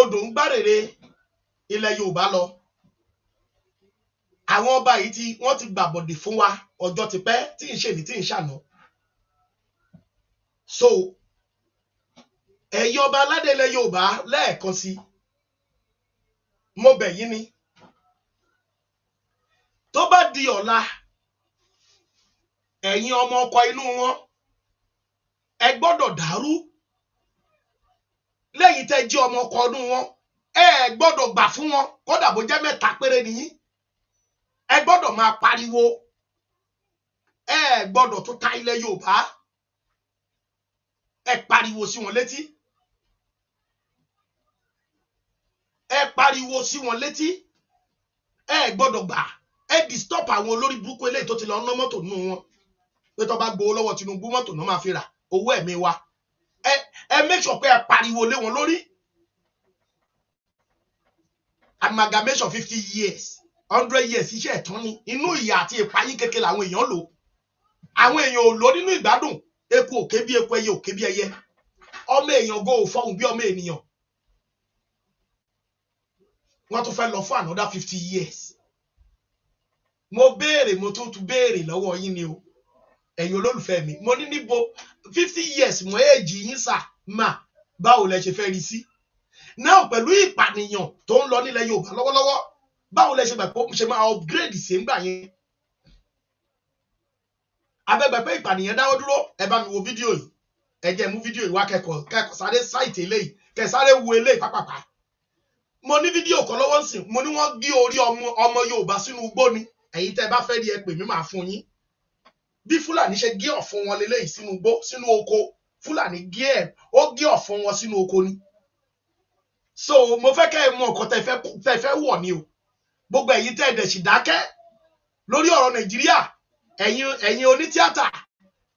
odò ń gbàrèrè ilẹ̀ Yorùbá lọ àwọn ọba yìí tí wọ́n ti gbàbọ̀dè fún wa ọjọ́ ti pẹ́ tí ń ṣe ní tí ń ṣàná so ẹ̀yin ọba aládé ilẹ̀ Yorùbá lẹ́ẹ̀kan sí mo bẹ̀ yín ni tó bá di ọ̀la ẹ̀yin ọmọ ọkọ̀ inú wọn ẹ gbọ́dọ̀ dàrú pé èyí tẹ́ jí ọmọ ọkọ ọdún wọn ẹ gbọ́dọ̀ gbà fún wọn kódà bó jẹ́ mẹ́ta péré nìyí ẹ gbọ́dọ̀ máa pariwo ẹ gbọ́dọ̀ tó ta ilẹ̀ Yorùbá ẹ pariwo sí wọn létí ẹ pariwo sí wọn létí ẹ gbọ́dọ̀ gbà ẹ disturb àwọn olórí burúkú eléyìí tó ti lọ ná mọ́tò nù wọn pé tó bá gbowó lọ́wọ́ Tinubu mọ́tò náà máa fi rà owó ẹ̀mí wa ẹ make sure pé ẹ pariwo lé wọn lórí amalgamation fifty years hundred years iṣẹ́ ẹ̀tún ni inú ìyà àti ìpayí kékeré làwọn èèyàn lò àwọn èèyàn ò lò nínú ìgbádùn eku òkè bí eku ẹyẹ òkè bí ẹyẹ ọmọ èèyàn go fọhùn bí ọmọ ènìyàn wọ́n tún fẹ́ lọ fún another fifty years mo béèrè mo tún tún béèrè lọ́wọ́ yín ni o ẹ̀yin olólùfẹ́ mi mo ní níbo fifty years mọ́ èjì yín sà mà báwo lẹ ṣe fẹ́ rí sí náà pẹ̀lú ìpànìyàn tó ń lọ nílẹ̀ Yorùbá lọ́wọ́lọ́wọ́ báwo lẹ ṣe gbà pé ó ṣe máa upgrade sí ńgbà yẹn abẹ́gbẹ́ pé ìpànìyàn dáwọ́ dúró ẹ bá mi wo fídíò yìí ẹ jẹ́ mú fídíò yìí wá kẹ́kọ̀ọ́ kẹ́kọ̀ọ́ sáré sáìtì eléyìí kẹ́ sáré wo eléyìí pápápá mo ní fídíò kan lọ́wọ́ ń sìn mo ní wọ́n gé orí ọmọ Yorùbá sínú igbó ni ẹ̀yin tẹ́ bá fẹ́ rí ẹ pè mí màá fún yín bí fúlàní ṣe gé ọ̀fun wọn leléyìí sínú igbó sínú oko fúlàní gé ẹ̀ ó gé ọ̀fun wọn sínú oko ni so mo fẹ́ kẹ́ ẹ mọ nǹkan tẹ́ fẹ́ wọ̀ ni o gbogbo ẹ̀yin tẹ́ ẹ dẹ̀ sì dákẹ́ lórí ọ̀rọ̀ nàìjíríà ẹ̀yin ẹ̀yin onítíátà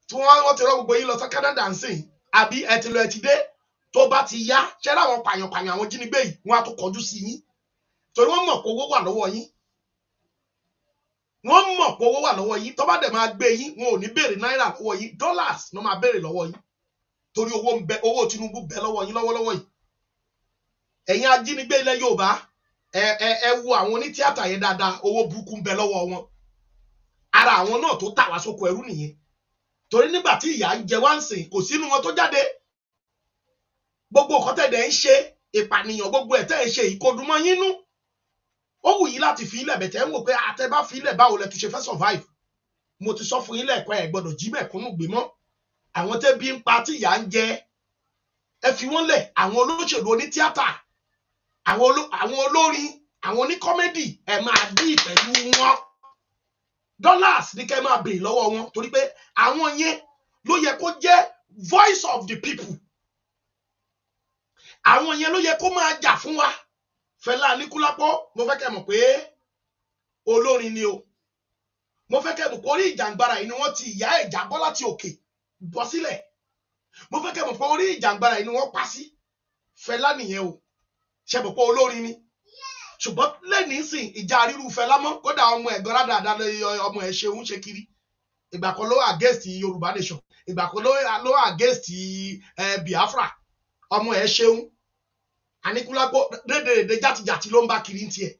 tí wọ́n wọ́n ti rọ gbogbo yín lọ sí Canada ń sìn àbí ẹ ti lọ ẹ ti dé tó bá ti yá ṣẹ́rẹ́ àwọn pààyàn pààyàn àwọn jínigbé yìí wọ́n á tún kọjú sí yín torí wọ́n mọ̀ pé owó wà lọ́wọ́ yín wọ́n mọ̀ pé owó wà lọ́wọ́ yín tó bá dẹ̀ máa gbé yín wọn ò ní béèrè náírà lọ́wọ́ yín dollars ló máa béèrè lọ́wọ́ yín torí owó ń bẹ owó Tinubu bẹ lọ́wọ́ yín lọ́wọ́lọ́wọ́ yìí ẹ̀yin ajínigbé ilẹ̀ Yorùbá ẹ ẹ ẹ wo àwọn onítìátà yẹn dáadáa owó burúkú ń bẹ lọ́wọ́ wọn ara àwọn náà tó tà wá sóko ẹrú nìyẹn torí nígbà tí ìyà ń jẹ wá ń sìn kò sínú wọn tó jáde gbogbo nǹkan tẹ̀dẹ̀ ń ṣe ìpànìyàn gbogbo ẹ̀ tẹ̀ ń ṣe ìkodùmọ̀ yín nú ó wù yín láti fi ilẹ̀ bẹ̀tẹ̀ ń wò pé àtẹ bá fi ilẹ̀ báwo lẹ tún ṣe fẹ́ survive mo ti sọ fún yín lẹ́ẹ̀kọ́ ẹ̀ gbọ́dọ̀ jí mẹ̀kúnnù gbé mọ́ àwọn tẹ́ bí ń pa tí ìyá ń jẹ ẹ fi wọ́n lẹ̀ àwọn olóṣèlú onítíátà àwọn olórin àwọn oníkọ́mẹ́dì ẹ máa dí pẹ̀lú wọn dollars ní kẹ́ máa béèrè lọ́wọ́ wọn torí pé àwọn yẹn ló yẹ kó jẹ́ voice of the people àwọn yẹn ló yẹ kó máa jà fún wa Fẹlá Aníkúlápó mo fẹ́ kẹ́ mọ̀ pé olórin ni o mo fẹ́ kẹ́ mọ̀ pé orí ìjàngbara yìí ni wọ́n ti ìyá ẹ̀ jábọ́ láti òkè bọ́ sílẹ̀ mo fẹ́ kẹ́ mọ̀ pé orí ìjàngbara yìí ni wọ́n pa sí Fẹlá nìyẹn o ṣe mọ̀ pé olórin ni ṣùgbọ́n lẹ́ni sìn ìjà ríru Fẹlá mọ́ kódà ọmọ ẹ̀gbọ́n rádàdà ọmọ ẹ̀ ṣeun ṣe kiri ìgbà kan ló against Yorùbá nation ìgbà kan ló against eh, Biafra ọmọ ẹ̀ ṣeun àníkúlágbó rédèrèdè játijàti ló ń bá kiri ń tiẹ̀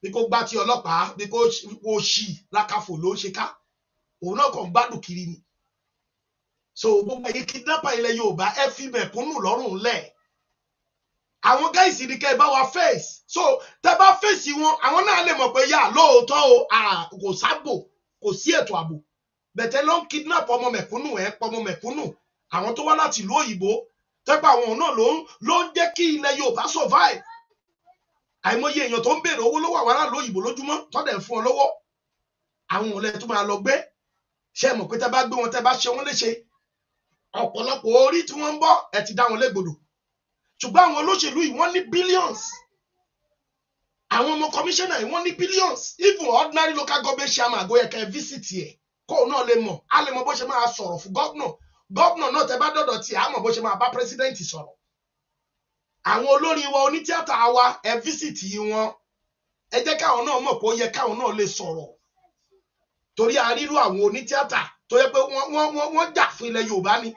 bí kò gbá ti ọlọ́pàá bí kò wo ṣì lákàfò ló ń ṣe ká òun náà kàn gbádùn kiri ni so gbogbo èyí kidnap ilẹ̀ Yorùbá ẹ fi mẹ̀kúnnù lọ́rùn lẹ̀ àwọn gáìsì ni kẹ́ ẹ bá wa face so tẹ́ bá face wọn àwọn náà lè mọ̀ pé yà lóòótọ́ o kò sábò kò sí ètò ààbò bẹ̀tẹ̀ ló ń kidnap ọmọ mẹ̀kúnnù ẹ̀ pọ̀ ọmọ mẹ̀kúnnù àwọn tó wá láti ìlú òyìnbó tẹ́pẹ́ àwọn náà ló ń ló ń jẹ́ kí ilẹ̀ Yorùbá survive àìmọye èèyàn tó ń béèrè owó lọ́wọ́ àwọn aráàlú òyìnbó lójúmọ́ tọ́dẹ̀ fún ọ lọ́wọ́ àwọn ọ̀lẹ́ tó máa lọ gbé ṣe mọ̀ pé tẹ́ bá gbé wọn tẹ́ bá ṣe wọ́n léṣe ọ̀pọ̀lọpọ̀ orí tí wọ́n ń bọ́ ẹ̀ ti dá wọn légbodò ṣùgbọ́n àwọn olóṣèlú yìí wọ́n ní billions àwọn ọmọ kọmíṣánná yìí wọ́n ní billions even ordinary local government chairman àgọ́ visit yẹ kóun náà lè mọ̀ á lè mọ bó ṣe máa sọ̀rọ̀ fún gọ́vnọ̀ gọ́vnà náà tẹ́ bá dọ̀dọ̀ tí a mọ̀ bó ṣe máa bá pírẹsidẹ́ǹtì sọ̀rọ̀ àwọn olórin wa onítíátà wa ẹ físìtì wọn ẹ jẹ́ káwọn náà mọ̀ pé ó yẹ káwọn náà lè sọ̀rọ̀ torí a rírú àwọn onítíátà tó yẹ pé wọ́n wọ́n wọ́n jà fún ilẹ̀ Yorùbá ni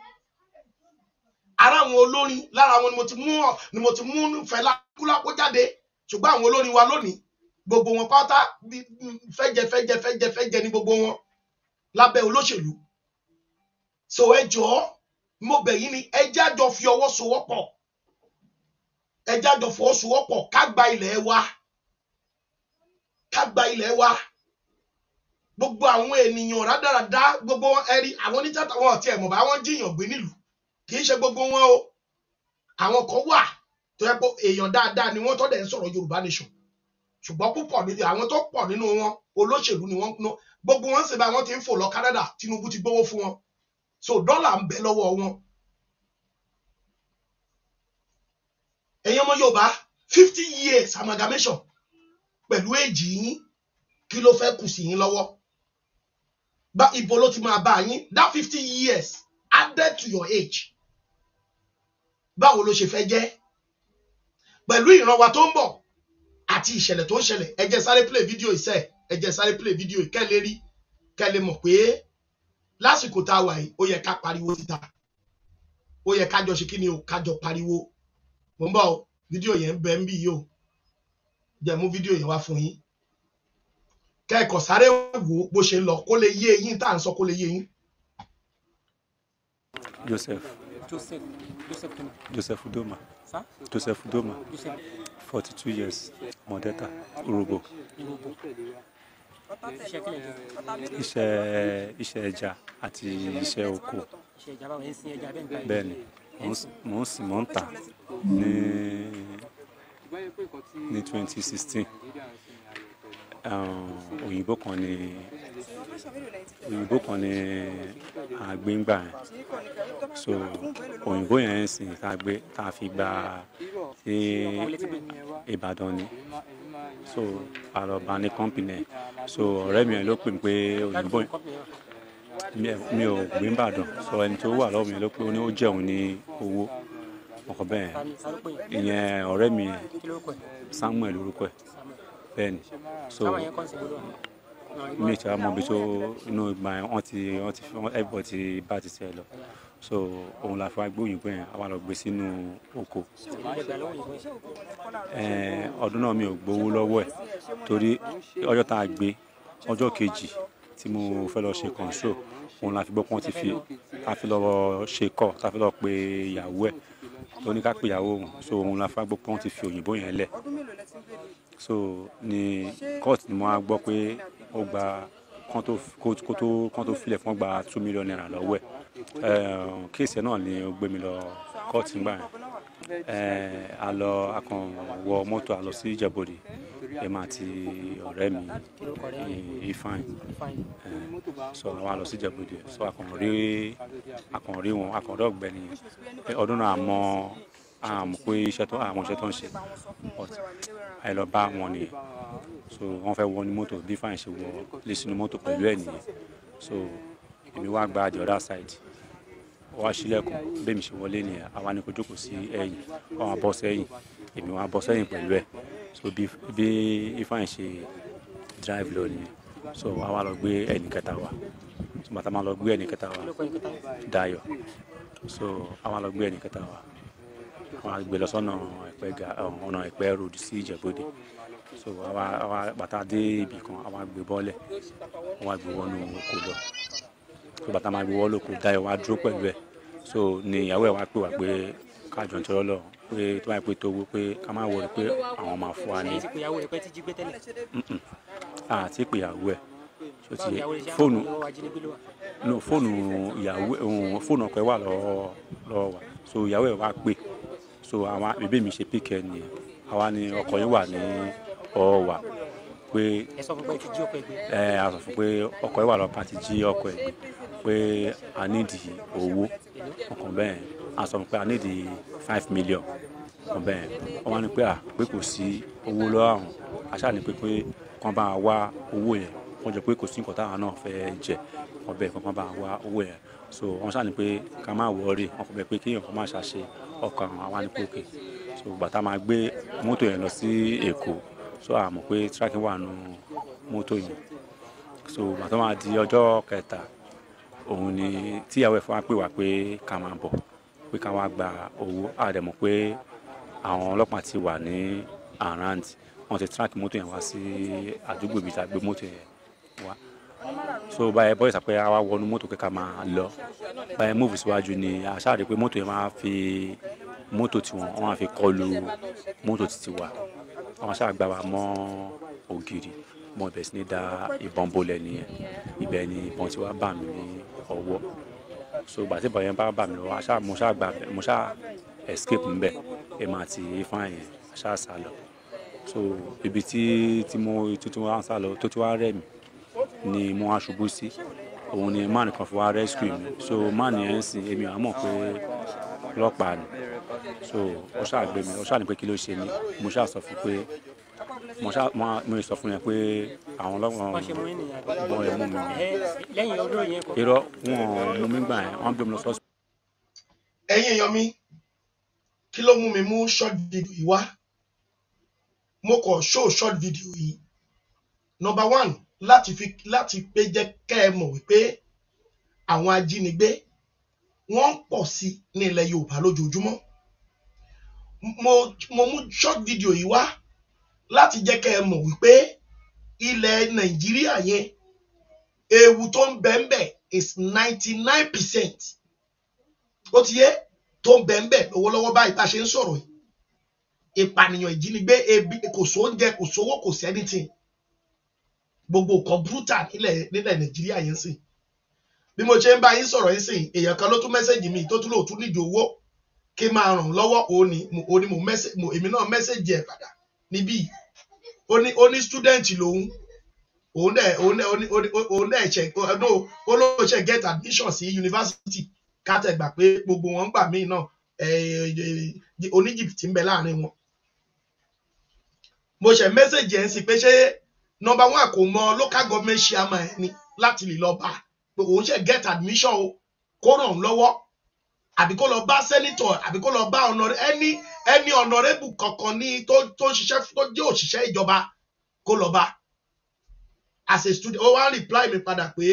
ara àwọn olórin lára wọn ni mo ti mú ni mo ti mú Fẹlá Kúlápó jáde ṣùgbọ́n àwọn olórin wa lónìí gbogbo wọn pátá fẹ́jẹ fẹ́jẹ fẹ́jẹ fẹ́jẹ ni gbogbo wọn lábẹ́ olóṣèlú so ẹ jọ̀ọ́ mo bẹ̀ yín ni ẹ jájọ fi ọwọ́ sowọ́pọ̀ ẹ jájọ fọwọ́ sowọ́pọ̀ ká gba ilẹ̀ wa ká gba ilẹ̀ wa gbogbo àwọn ènìyàn rádaràda gbogbo wọn ẹrí àwọn oníjàtà wọn àti ẹmọ bá wọn jiyàn gbé nílùú kì í ṣe gbogbo wọn o àwọn kan wà tó yẹ pé èèyàn dáadáa ni wọn tó dẹ̀ ń sọ̀rọ̀ Yorùbá nation ṣùgbọ́n púpọ̀ nínú àwọn tó pọ̀ nínú wọn olóṣèlú ni wọ́n ń ná gbogbo wọn sì bá wọn ti ń fò lọ Canada Tinubu ti gbowó fún wọn so dọ́là ń bẹ lọ́wọ́ wọn. ẹ̀yin ọmọ Yorùbá fifty years amalgamation pẹ̀lú èjì yín kí ló fẹ́ kù sí yín lọ́wọ́ bá ibo ló ti máa bá yín that fifty years added to your age báwo ló ṣe fẹ́ jẹ́ pẹ̀lú ìran wa tó ń bọ̀ àti ìṣẹ̀lẹ̀ tó ń ṣẹlẹ̀ ẹ jẹ́ sáré play video ìṣe ẹ jẹ́ sáré play video ìkẹ́lẹ́ rí kẹ́lẹ́ mọ̀ pé lásìkò tá a wà yìí ó yẹ ká pariwo síta ó yẹ kájọ ṣe kí ni o kájọ pariwo mo ń bọ̀ fídíò yẹn ń bẹ ń bí yìí o jẹ́ mú fídíò yẹn wá fún yín kẹ́ẹ̀kọ́ sáré wò bó ṣe lọ kó lè yé yín tá à ń sọ kó lè yé yín. Joseph Joseph Joseph Doma
Joseph Doma Sa? Joseph Doma forty two years Modeta Urobo iṣẹ́ iṣẹ́ ẹja àti iṣẹ́ oko bẹ́ẹ̀ ni mò ń sìn mò ń tà ní ní twenty sixteen òyìnbó kan ni òyìnbó kan ni àgbéǹgbà yẹn so òyìnbó yẹn ń sìn gbé tá fi gba sí Ìbàdàn ni so àlọ́ba ní kọ́ńpìnì so ọ̀rẹ́ mi ló pè mí pé òyìnbó mi ò gbé Ìbàdàn so ẹni tó wà lọ́wọ́ mi ló pé ó ní ó jẹun ní owó ọkọ̀ bẹ́ẹ̀ ìyẹn ọ̀rẹ́ mi Samuel lórúkọ ẹ̀ bẹ́ẹ̀ni so me too. I'm a bit so. You know, my auntie, auntie, everybody, bad to ẹ̀bọ̀ ti bá ti tiẹ̀ lọ so òun la fi wá gbé òyìnbó yẹn a wá lọ gbé sínú oko ọdún náà mi ò gbowó lọ́wọ́ ẹ̀ torí ọjọ́ tá a gbé ọjọ́ kejì tí mo fẹ́ lọ ṣe kọ̀ǹṣó On la fi gbọ́ pé wọ́n ti fi a fi lọ ṣe kọ́ ta fi lọ pe ìyàwó ẹ̀ tó ní ká pe ìyàwó so on la fi wá gbọ́ pé wọ́n ti fi òyìnbó yẹn so ní court ni wọ́n á gbọ́ pé ó gba kán tó filẹ̀ fún gba two million naira lọ́wọ́ ẹ̀ kéèsì náà ni ó gbé mi lọ court ńgbà yẹn a lọ a mọ́tò a lọ sí Ìjẹ̀bú-Òde èmi àti ọ̀rẹ́ mi ifeanyi so àwọn àlọ́ sí ìjẹ̀bú so a kàn rí wọn a kàn rí ọ̀gbẹ́ni ọdún náà mọ́ àmọ́ ah, pé iṣẹ́ tó àmọ́ ah, iṣẹ́ tó ń ṣe but àìlọ bá wọn nìyẹn so wọ́n fẹ́ wọ ní mọ́tò bí ṣe wọ lé sínú mọ́tò pẹ̀lú ẹ̀ nìyẹn so èmi wá gba the other side wá sílẹ̀kùn bẹ́ẹ̀ mi ṣe wọlé nìyẹn àwa ni kò jókòó sí ẹ̀yìn wọ́n wá bọ́ sẹ́yìn èmi wá bọ́ sẹ́yìn pẹ̀lú ẹ̀ so bí bí ifeanyi ṣe drive lọ nìyẹn so wàá wá lọ gbé ẹnì kẹta wa so bàtà máa lọ gbé ẹnì kẹta wa Dayọ̀ so àwa lọ gbé ẹnì kẹta wa wọn á gbé lọ sọ́nà ẹ̀pẹ́ ga um, ọ̀nà ẹ̀pẹ́ road sí ìjẹ̀bọ́dé so àwa bàtà dé ibì kan àwa gbé bọ́ọ̀lẹ̀ àwa gbé wọnú oko lọ so bàtà máa gbé wọ́ọ̀lù oko dá ẹ̀ wá dúró pẹ̀lú ẹ̀ so ni ìyàwó ẹ̀ wá pè wá pé kájọ nítorí ọlọ́run pé tó bá yẹ pé tó wú pé ká má wọlé pé àwọn máa fún wa ní. àti ìpèyàwó ẹ̀ so ti fóònù no fóònù ìyàwó fóònù ọkọ ẹ̀ wà lọ́wọ́ wa so ìyàwó ẹ̀ wá pè so àwọn bèbè mi ṣe pk nìyẹn àwa ni ọkọ yín wà ní ọwọ́ wa pé ẹ sọ fún pé ọkọ yín wà lọ́pàá ti jí ọkọ ẹ̀ pé a nídi owó ọkàn bẹ́ẹ̀ a sọ fún pé a nídi five million ọkàn bẹ́ẹ̀ wọ́n wá ní pé à pé kò sí owó lọ́wọ́ àwọn aṣáà ní pé pé kàn bá wa owó yẹn wọ́n jọ pé kò sí nǹkan táwọn náà fẹ́ jẹ ọbẹ̀ kankan bá wa owó yẹn so wọ́n ṣàní pé ká má wọrí wọn kò pé kéèyàn kan má ṣàṣe ọkàn àwọn anìkókè so bàtà máa gbé mọ́tò yẹn lọ sí èkó so àmọ̀ pé tíráàkì wà nù mọ́tò yẹn so bàtà máa di ọjọ́ kẹta òun ni tíyàwó ẹ̀ fún wa pè wá pé ká máa bọ̀ pé ká wá gba owó àdẹ̀mọ̀ pé àwọn ọlọ́pàá ti wà ní around wọ́n ti tíráàkì mọ́tò yẹn wá sí àdúgbò ibi tá a gbé mọ́tò yẹn wá so báyẹn bọ́ọ̀sì àpẹ àwa wọnú mọ́tò kẹ́kẹ́ máa lọ báyẹn múùfù síwájú ni àṣàrí pé mọ́tò yẹn máa fi mọ́tò tiwọn wọ́n máa fi kọlu mọ́tò títí wa àwọn àṣà gbà wá mọ́ ògiri mo bẹ̀rẹ̀ sí ní da ìbọn bolẹ̀ nìyẹn ibẹ̀ ni ìbọn tí wàá bà mí ní ọwọ́ so ìgbà tí ìbọn yẹn bá bà mí lọ́wọ́ àṣà mo ṣáà gbà mo ṣáà escape ńbẹ èmi àti ifeanyi yẹn àṣà sá lọ so ibi tí tí mo tuntun wá sá tó ti wá rẹ̀ mí ni mo wá ṣubú sí òun ni man kan fi wá rescue mi so man yẹn ń sìn èmi àmọ́ pé ọlọ́pàá ni so ó ṣàgbé mi ó ṣàní pé kí ló ṣe mí mo ṣáà sọ fún pé mo ṣá mo sọ fún yẹn pé àwọn ọlọ́wọ́n bọ́ ẹ mú mi irọ́ wọn mú mi gbà yẹn wọn bí mo lọ sọ.
ẹ̀yin èèyàn mi kí ló mú mi mú short video yìí wá mo kàn show short video yìí number one láti fi láti pé jẹ́ kẹ́ ẹ mọ̀ wípé àwọn ajínigbé wọ́n ń pọ̀ sí ní ilẹ̀ Yorùbá lójoojúmọ́ mo mo mú short video yìí wá láti jẹ́ kẹ́ ẹ mọ̀ wípé ilẹ̀ Nàìjíríà yẹn ewu tó ń bẹ ń bẹ is ninety nine percent ó ti yé tó ń bẹ ń bẹ lọ́wọ́lọ́wọ́ báyìí bá a ṣe ń sọ̀rọ̀ yìí ìpànìyàn ìjínigbé ebi kò sóúnjẹ kò sówó kò sẹ́nìtìn gbogbo kọ̀ǹpútà nílẹ̀ nàìjíríà yẹn sìn bí mo ṣe ń bá yín sọ̀rọ̀ yín sìn èèyàn kan ló tún mẹ́sẹ̀jì mi tó tún lò tún nídìí owó kí máa ràn lọ́wọ́ òní òní mo èmi náà mẹ́sẹ̀jì ẹ̀ padà níbí ó ní ó ní student lòun òun dẹ̀ òun dẹ̀ òun dẹ̀ ṣe no ó ló get admission sí university kátẹ̀gbà pé gbogbo wọn gbà míì náà oníjìbìtì ń bẹ láàrin wọn mo ṣe mẹ́sẹ̀jì ẹ̀ ń sìn pé ṣé number one kò mọ local government chairman ẹni láti lè lọ bá òun ṣe get admission o kó ràn án lọ́wọ́ àbí kó lọ bá senator àbí kó lọ bá ọ̀nàrẹ́ ẹni ẹni honorable kankan ní tó tó ṣiṣẹ́ tó jẹ́ òṣìṣẹ́ ìjọba kó lọ bá as a student ó wá reply mi padà pé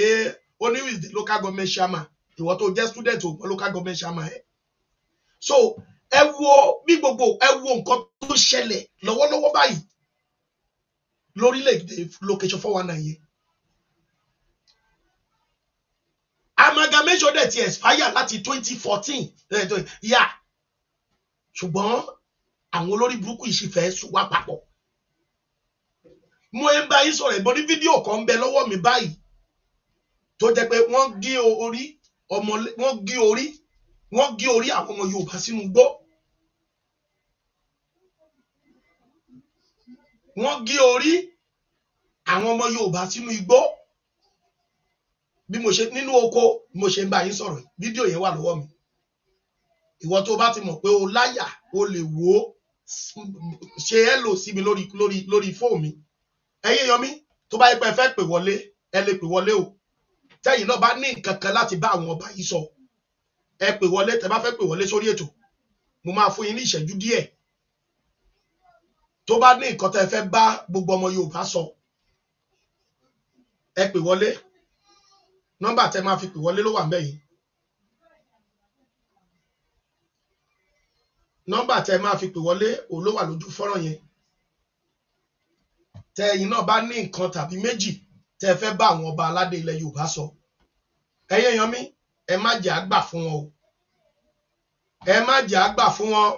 ó ní with the local government chairman ìwọ tó jẹ́ student ò mọ local government chairman ẹ̀ so ẹ wo bí gbogbo ẹ wo nǹkan tó ṣẹlẹ̀ lọ́wọ́lọ́wọ́ báyìí lórílẹ̀-èdè location four one nine yẹn. amalgamation dẹ̀ ti expire láti twenty fourteen eh, yà ṣùgbọ́n àwọn olórí burúkú yìí sì fẹ́ wá papọ̀ mo ń bá yín sọ̀rọ̀ ìbọn ní fídíò kan ń bẹ lọ́wọ́ mi báyìí tó jẹ́ pé wọ́n gé orí ọmọ wọ́n gé orí wọ́n gé orí àwọn ọmọ Yorùbá sínú gbọ́ wọ́n gé orí àwọn ọmọ Yorùbá sínú igbó bí mo ṣe nínú oko mo ṣe ń bá yín sọ̀rọ̀ fídíò yẹn wà lọ́wọ́ mi ìwọ tó bá ti mọ̀ pé o láyà o lè wò ó ṣe ẹ lò sí mi lórí lórí lórí fóònù mi ẹ̀yin yọmí tó bá yẹ pé ẹ fẹ́ pè wọlé ẹ lè pè wọlé o tẹ́yin náà bá ní nǹkan kan láti bá àwọn ọba yìí sọ ẹ pè wọlé tẹ́ bá fẹ́ pè wọlé sórí ètò mo máa fún yín ní ìṣẹ́jú díẹ̀ tó bá ní nǹkan tẹ́ fẹ́ bá gbogbo ọmọ Yorùbá sọ ẹ pè wọlé nọ́mbà tẹ́ máa fi pè wọlé ló wà mẹyìn nọ́mbà tẹ́ máa fi pè wọlé òun ló wà lójú fọ́nrán yẹn tẹ́ ẹ̀yin náà bá ní nǹkan tàbí méjì tẹ́ fẹ́ bá àwọn ọba aládé ilẹ̀ Yorùbá sọ ẹyẹ yan mi ẹ má jẹ́ àgbà fún wọn o ẹ má jẹ́ àgbà fún wọn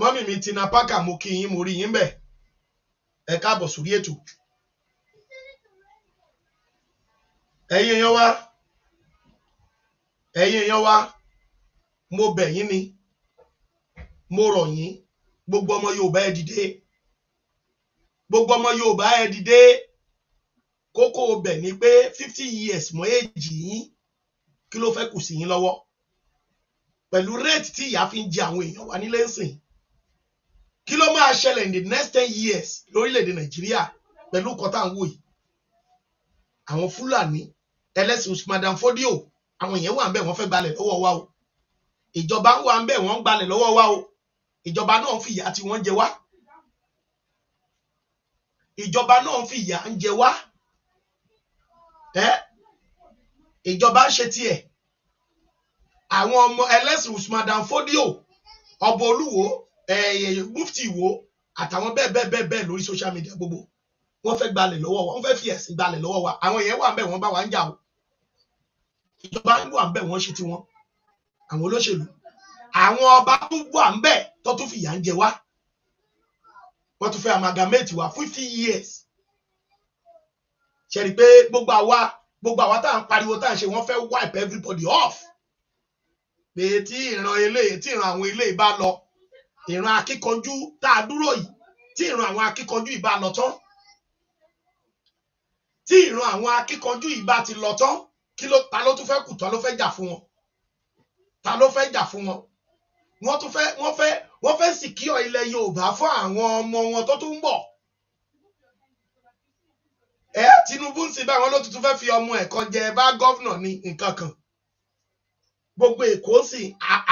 mọ́mì mi Tina Parker mo kí yín mo rí yín bẹ̀ ẹ káàbọ̀ sórí ètò ẹ̀yin èèyàn wa ẹ̀yin èèyàn wa mo bẹ̀ yín ni mo rọ̀ yín gbogbo ọmọ Yorùbá ẹ dìde gbogbo ọmọ Yorùbá ẹ dìde kókó ọbẹ̀ ni pé fifty years mọ́ èjì yín kí ló fẹ́ kù sí yín lọ́wọ́ pẹ̀lú rate tí ìyá fi ń jẹ àwọn èèyàn wa nílé ń sìn kí ló máa ṣẹlẹ̀ in the next ten years lórílẹ̀‐èdè nàìjíríà pẹ̀lú kọ́tà ń wò yìí àwọn fúlàní ẹlẹ́sìn madam fodio àwọn èèyàn wà ń bẹ̀ wọ́n fẹ́ gbalẹ̀ lọ́wọ́ wa o ìjọba wà ń bẹ̀ wọ́n gbalẹ̀ lọ́wọ́ wa o ìjọba náà fi ìyà tí wọ́n jẹ wá ìjọba náà fi ìyà ń jẹ wá ẹ ìjọba ń ṣe tiẹ̀ àwọn ọmọ ẹlẹ́sìn madam fodio ọba olúwo Eh, mufti Ìwó àtàwọn bẹ́ẹ̀ bẹ́ẹ̀ bẹ́ẹ̀ bẹ́ẹ̀ lórí social media gbogbo wọ́n fẹ́ gbalẹ̀ lọ́wọ́ wa wọ́n fẹ́ fi ẹ̀sìn gbalẹ̀ lọ́wọ́ wa àwọn yẹn wà ń bẹ̀ wọ́n bá wa ń jà o ìjọba wà ń bẹ̀ wọ́n ṣe tiwọn àwọn olóṣèlú àwọn ọba tún wà ń bẹ̀ tó tún fìyà ń jẹ wá wọ́n tún fẹ́ amalgamate wa fifty years ṣe rí i pé gbogbo àwa gbogbo àwa tá à ń pariwo tá à ń ṣe wọ́n fẹ́ wipe everybody off pé tí ìran ilé tí ìran àwọn ilé bá lọ ìran akíkanjú tá a dúró yìí tí ìran àwọn akíkanjú ìbá lọ tán tí ìran àwọn akíkanjú ìbá ti lọ tán kí ló ta ló tún fẹ́ kù tán ló fẹ́ jà fún wọn ta ló fẹ́ jà fún wọn wọ́n tún fẹ́ wọ́n fẹ́ wọ́n fẹ́ sìkíọ̀ ilẹ̀ Yorùbá fún àwọn ọmọ wọn tó tún ń bọ̀ ẹ Tinubu ń sin báyìí wọn ló tuntun fẹ́ fi ọmọ ẹ̀kọ́ jẹ bá gọ́vnà ní nǹkan kan gbogbo Èkó sì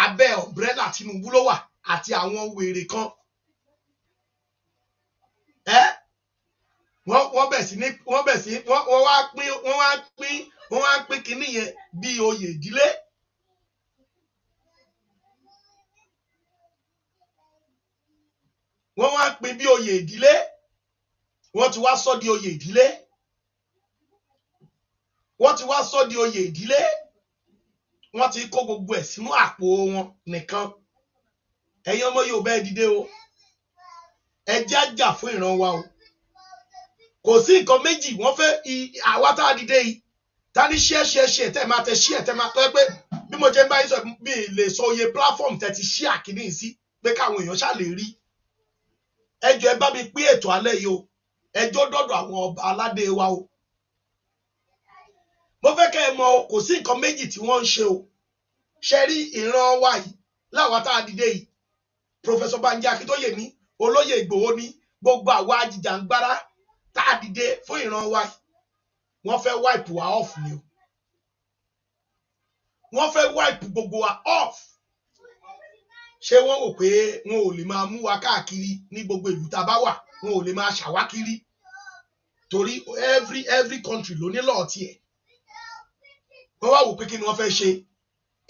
abẹ́ ọ̀mbrẹ́là Tinubu ló wà àti àwọn wèrè kan ẹ wọ́n wọ́n bẹ sí ní wọ́n bẹ̀ sí wọ́n wá pín wọ́n wá pín wọ́n wá pín kínní yẹn bí oyè ìdílé. wọ́n wá pín bí oyè ìdílé wọ́n ti wá sọ di oyè ìdílé wọ́n ti wá sọ di oyè ìdílé wọ́n ti kó gbogbo ẹ̀ sínú àpò wọn nìkan ẹ̀yin ọmọ Yorùbá ẹ dìde o ẹ jẹ́ àjà fún ìran wa o kò sí nǹkan méjì wọ́n fẹ́ àwa tá a dìde yìí ta ni share share share tẹ́ máa tẹ share tẹ́ máa tọ́ pé bí mo jẹ́ ń bá yín sọ mi lè sọ iye platform tẹ́ ti share kíní sí pé káwọn èèyàn ṣáà lè rí ẹ jọ̀ọ́ ẹ bá mi pín ètò alẹ́ yìí o ẹ jọ̀ọ́ dọ̀dọ̀ àwọn ọba aládé wa o mo fẹ́ kẹ́ ẹ mọ̀ kò sí nǹkan méjì tí wọ́n ń ṣe o ṣe rí ìran wa yìí láwa tá a dìde yìí Professor Banji Akíntóyè ní olóyè Ìgbòho ní gbogbo àwa ajìjàǹgbara tá a dìde fún ìran wa wọ́n fẹ́ wipe wa off ni o wọ́n fẹ́ wipe gbogbo wa off ṣé wọ́n wò pé wọn ò lè máa mú wa káàkiri ní gbogbo ìlú tá a bá wà wọn ò lè máa ṣàwá torí every every country ló ní lọ́ọ̀ tiẹ̀ wọ́n wá wò pé kí ni wọ́n fẹ́ ṣe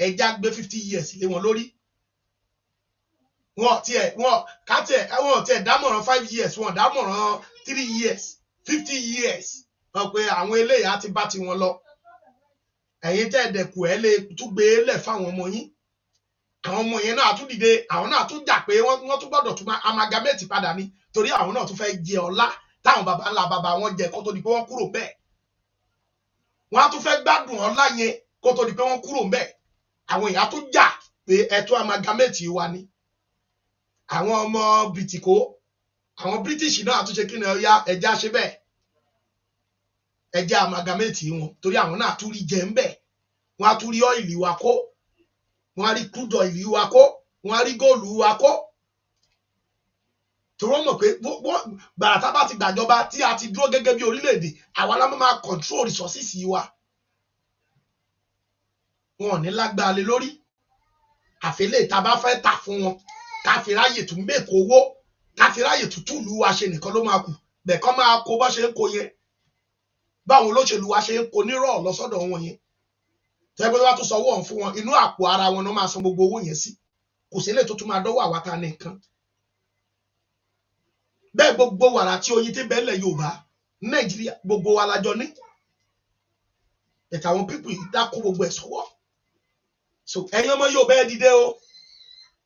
ẹja gbé fifty years lé wọn lórí wọn tiẹ̀ wọn kátẹ̀ wọn tiẹ̀ dámọ̀ràn five years wọn dámọ̀ràn three years fifty years wọn pe àwọn eléyà ti bá tiwọn lọ ẹ̀yin tẹ́ ẹ̀dẹ̀kù ẹ̀ lè tún gbé e lẹ̀ fáwọn ọmọ yín àwọn ọmọ yẹn náà tún dìde àwọn náà tún jà pé wọ́n tún gbọ́dọ̀ tún amalgamate padà ni torí àwọn náà tún fẹ́ jẹ ọlá táwọn baba ńlá baba wọn jẹ kó tó di pé wọ́n kúrò bẹ́ẹ̀ wọ́n á tún fẹ́ gbádùn ọlá yẹn kó tó di pé wọ́n kúrò bẹ́ẹ̀ àwọn èèyàn tún jà pé ẹ tún amalgamate wa ni àwọn ọmọ bìtìkó àwọn british náà àtúnṣe kí ni ọyá ẹja ṣe bẹ́ẹ̀ ẹja amalgamate wọn torí àwọn náà tún rí jẹ ń bẹ wọn á tún rí ọ́ìlì wa kó wọn á rí kúdọ̀ ìlú wa kó wọn á rí góòlù wa kó torí wọn mọ̀ pé bàràtà bá ti gbàjọba tí a ti dúró gẹ́gẹ́ bí orílẹ̀ àwa la máa control resources wa wọn ò ní lágbára lé lórí àfẹlẹ́ ìta bá fẹ́ tà fún wọn káfi ráyè tún mẹ́kọ̀ owó káfi ráyè tútù lu wa ṣe nìkan ló máa kù bẹ̀ẹ̀kọ́ máa kó bá ṣe ń kó yẹn báwọn olóṣèlú wa ṣe ń kó nírọ̀ lọ́sọ́dọ̀ wọn yẹn tẹ́gbẹ́ tó bá tún sanwó ọ̀hún fún wọn inú àpò ara wọn náà máa san gbogbo owó yẹn sí kò sí lè tó tún máa dọ́wọ́ àwa ta nìkan bẹ́ẹ̀ gbogbo wàrà tí oyin ti bẹ́ẹ̀lẹ̀ Yorùbá Nàìjíríà gbogbo wa lájọ ní ẹ̀ka àwọn pípù dákú gbogbo ẹ̀ sọ́wọ́ so ẹ̀yin ọmọ Yorùbá ẹ dìde o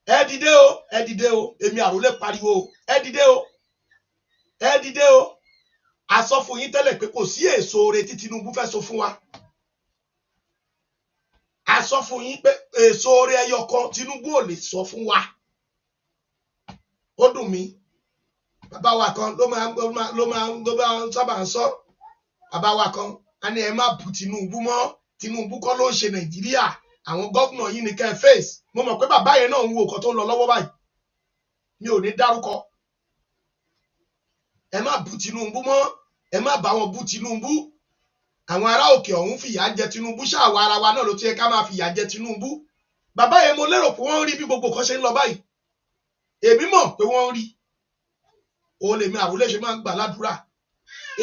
ẹ dìde o ẹ dìde o èmi àròlé pariwo o ẹ dìde o ẹ dìde o àsọ yín tẹ́lẹ̀ pé kò sí èso oore tí Tinubu fẹ́ so fún wa àsọ fún yín pé èso oore ẹyọ kan Tinubu ò lè sọ fún wa ó dùn mí bàbá wa kan ló máa ló máa ló máa sábà ń sọ bàbá wa kan a ní ẹ má bu Tinubu mọ́ Tinubu kọ́ ló ń ṣe Nàìjíríà àwọn gómìnà yìí ní kẹ́ fèsì mo mọ̀ pé bàbá yẹn náà ń wo nǹkan tó ń lọ lọ́wọ́ báyìí mi ò ní dárúkọ ẹ má bú Tinubu mọ́ ẹ má bá wọn bú Tinubu àwọn ará òkè ọ̀hún fìyà jẹ Tinubu ṣáàwọ̀ ara wa náà ló ti yẹ ká máa fìyà jẹ Tinubu bàbá yẹn mo lérò pé wọ́n rí bí gbogbo kan ṣe ń lọ báyìí èmi mọ̀ pé wọ́n rí o lèmi àròlé ṣe máa ń gbà ládùúrà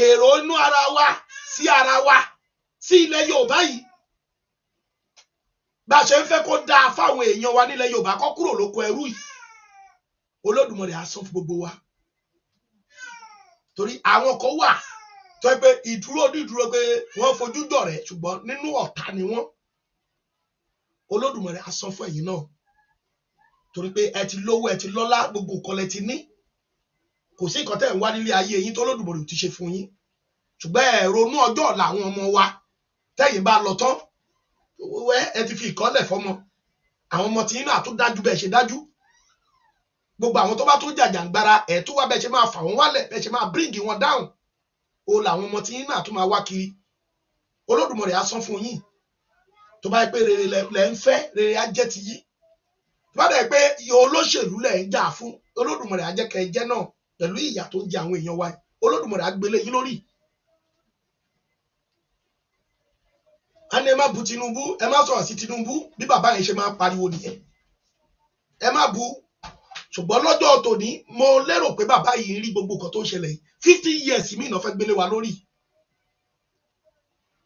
èrò inú ara wa sí ara wa sí ilẹ̀ Yorùbá yìí bá a ṣe ń fẹ́ kó dáa fáwọn èèyàn wa nílẹ̀ Yorùbá kó kúrò lóko ẹrú yìí Olódùmarè á san fún gbogbo wa torí àwọn kan wà tó yẹ pé ìdúró ní ìdúró pé wọ́n fojú dọ̀rẹ́ ṣùgbọ́n nínú ọ̀tá ni wọ́n Olódùmarè á san fún ẹ̀yin náà torí pé ẹ ti lówó ẹ ti lọ́lá gbogbo nǹkan lẹ ti ní kò sí nǹkan tẹ̀ ń wá nílé ayé yín tó Olódùmarè ò ti ṣe fún yín ṣùgbọ́n ẹ ronú ọjọ́ ọ̀la àwọn ọmọ wa tẹ́yìn bá lọ tán wẹ́ ẹ ti fi ìkọ́lẹ̀ fọmọ àwọn ọmọ tí inú àtúndájú bẹ́ẹ̀ ṣe dájú gbogbo àwọn tó bá tún jàjàǹgbara ẹ̀ tó wá bẹ́ẹ̀ ṣe máa fà wọ́n wálẹ̀ bẹ́ẹ̀ ṣe máa bíríǹgì wọn dáhùn o làwọn ọmọ tí inú àtún máa wá kiri Olódùmarè á san fún yín tó bá yẹ pé rere lẹ ń fẹ́ rere á jẹ́ ti yín tó bá dẹ̀ pé iye olóṣèlú lẹ̀ ń jà fún Olódùmarè á jẹ́ kẹ́ ẹ jẹ́ náà pẹ̀lú ìyà tó ń jẹ àwọn èèyàn wa Olódùmarè á yín lórí a ní ẹ má bu Tinubu ẹ má sọ̀rọ̀ sí Tinubu bí bàbá yẹn ṣe máa pariwo nìyẹn ẹ má bu ṣùgbọ́n lọ́jọ́ tòní mo lérò pé bàbá yìí rí gbogbo nǹkan tó ń ṣẹlẹ̀ fifty years mi ìnáfẹ́ gbélé wa lórí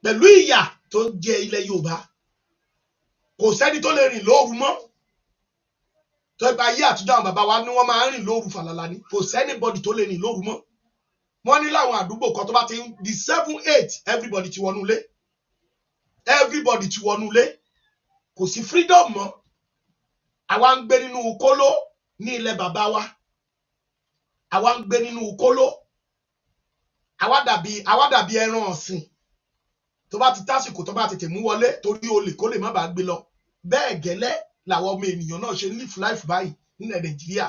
pẹ̀lú ìyà tó ń jẹ ilẹ̀ Yorùbá kò sẹ́ni tó lè rìn lóru mọ́ tó ẹ bá ayé àtijọ́ àwọn bàbá wa ni wọ́n máa ń rìn lóru fàlàlà ni kò sẹ́ni bọ́dì tó lè rìn lóru mọ́ wọ́n ní láwọn àdúgbò kan tó bá ti di seven eight everybody ti wọnú ilé everybody ti wọnú ilé kò sí freedom mọ́ àwa ń gbé nínú kóló ní ilẹ̀ bàbá wa àwa ń gbé nínú kóló àwa dàbí àwa dàbí ẹran ọ̀sìn tó bá ti tásìkò tó bá tètè mú wọlé torí olè kó lè má bàa gbé lọ bẹ́ẹ̀ gẹ́lẹ́ làwọn ọmọ ènìyàn náà ṣe live life báyìí nílẹ̀ nàìjíríà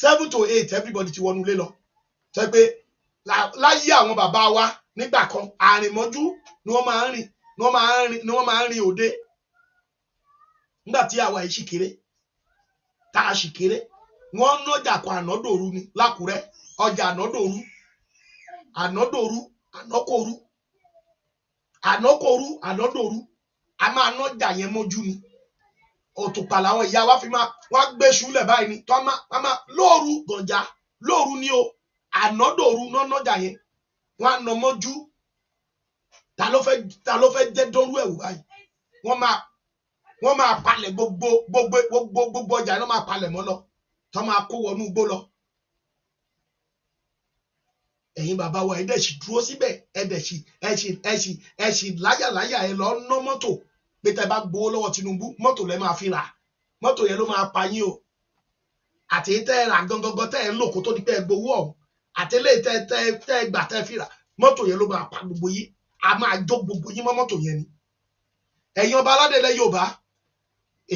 seven to eight everybody ti wọnú ilé lọ tẹ́ pé láyé àwọn bàbá wa nígbà kan àrìnmọ́jú ni wọ́n máa ń rìn ni wọ́n máa ń òde nígbà tí àwa yìí ṣì tá a ṣì wọ́n ń nọjà kan ni ọjà ànádòru ànádòru ànákòru ànákòru a máa nọ́jà yẹn mọ́jú ni làwọn ìyá wa fi máa wá gbé ṣúlẹ̀ báyìí ni tọ́ máa gànjà ni o nọ́nọ́jà yẹn wọn á nà mọ́jú ta ló fẹ́ ta ló fẹ́ jẹ́ dọ́rú ẹ̀wù báyìí wọ́n máa wọ́n máa palẹ̀ gbogbo gbogbo gbogbo gbogbo ọjà náà máa palẹ̀ mọ́ lọ tó máa kó wọnú igbó lọ. ẹ̀yin bàbá wa ẹ̀ dẹ̀ sì dúró síbẹ̀ ẹ̀ dẹ̀ sì ẹ̀ sì ẹ̀ sì ẹ̀ sì láyàláyà ẹ̀ lọ ná mọ́tò pé tẹ́ bá gbowó lọ́wọ́ Tinubu mọ́tò lẹ́ máa fi rà mọ́tò yẹn ló máa pa yín o àti tẹ́ ẹ rà gangan tẹ́ ẹ lò kó tó di pé ẹ gbowó ọ̀hún àtẹlẹ tẹ tẹ tẹ gbà tẹ fìrà mọ́tò yẹn ló máa pa gbogbo yín a máa jó gbogbo yín mọ́ mọ́tò yẹn ni ẹ̀yin ọba aládé ilẹ̀ Yorùbá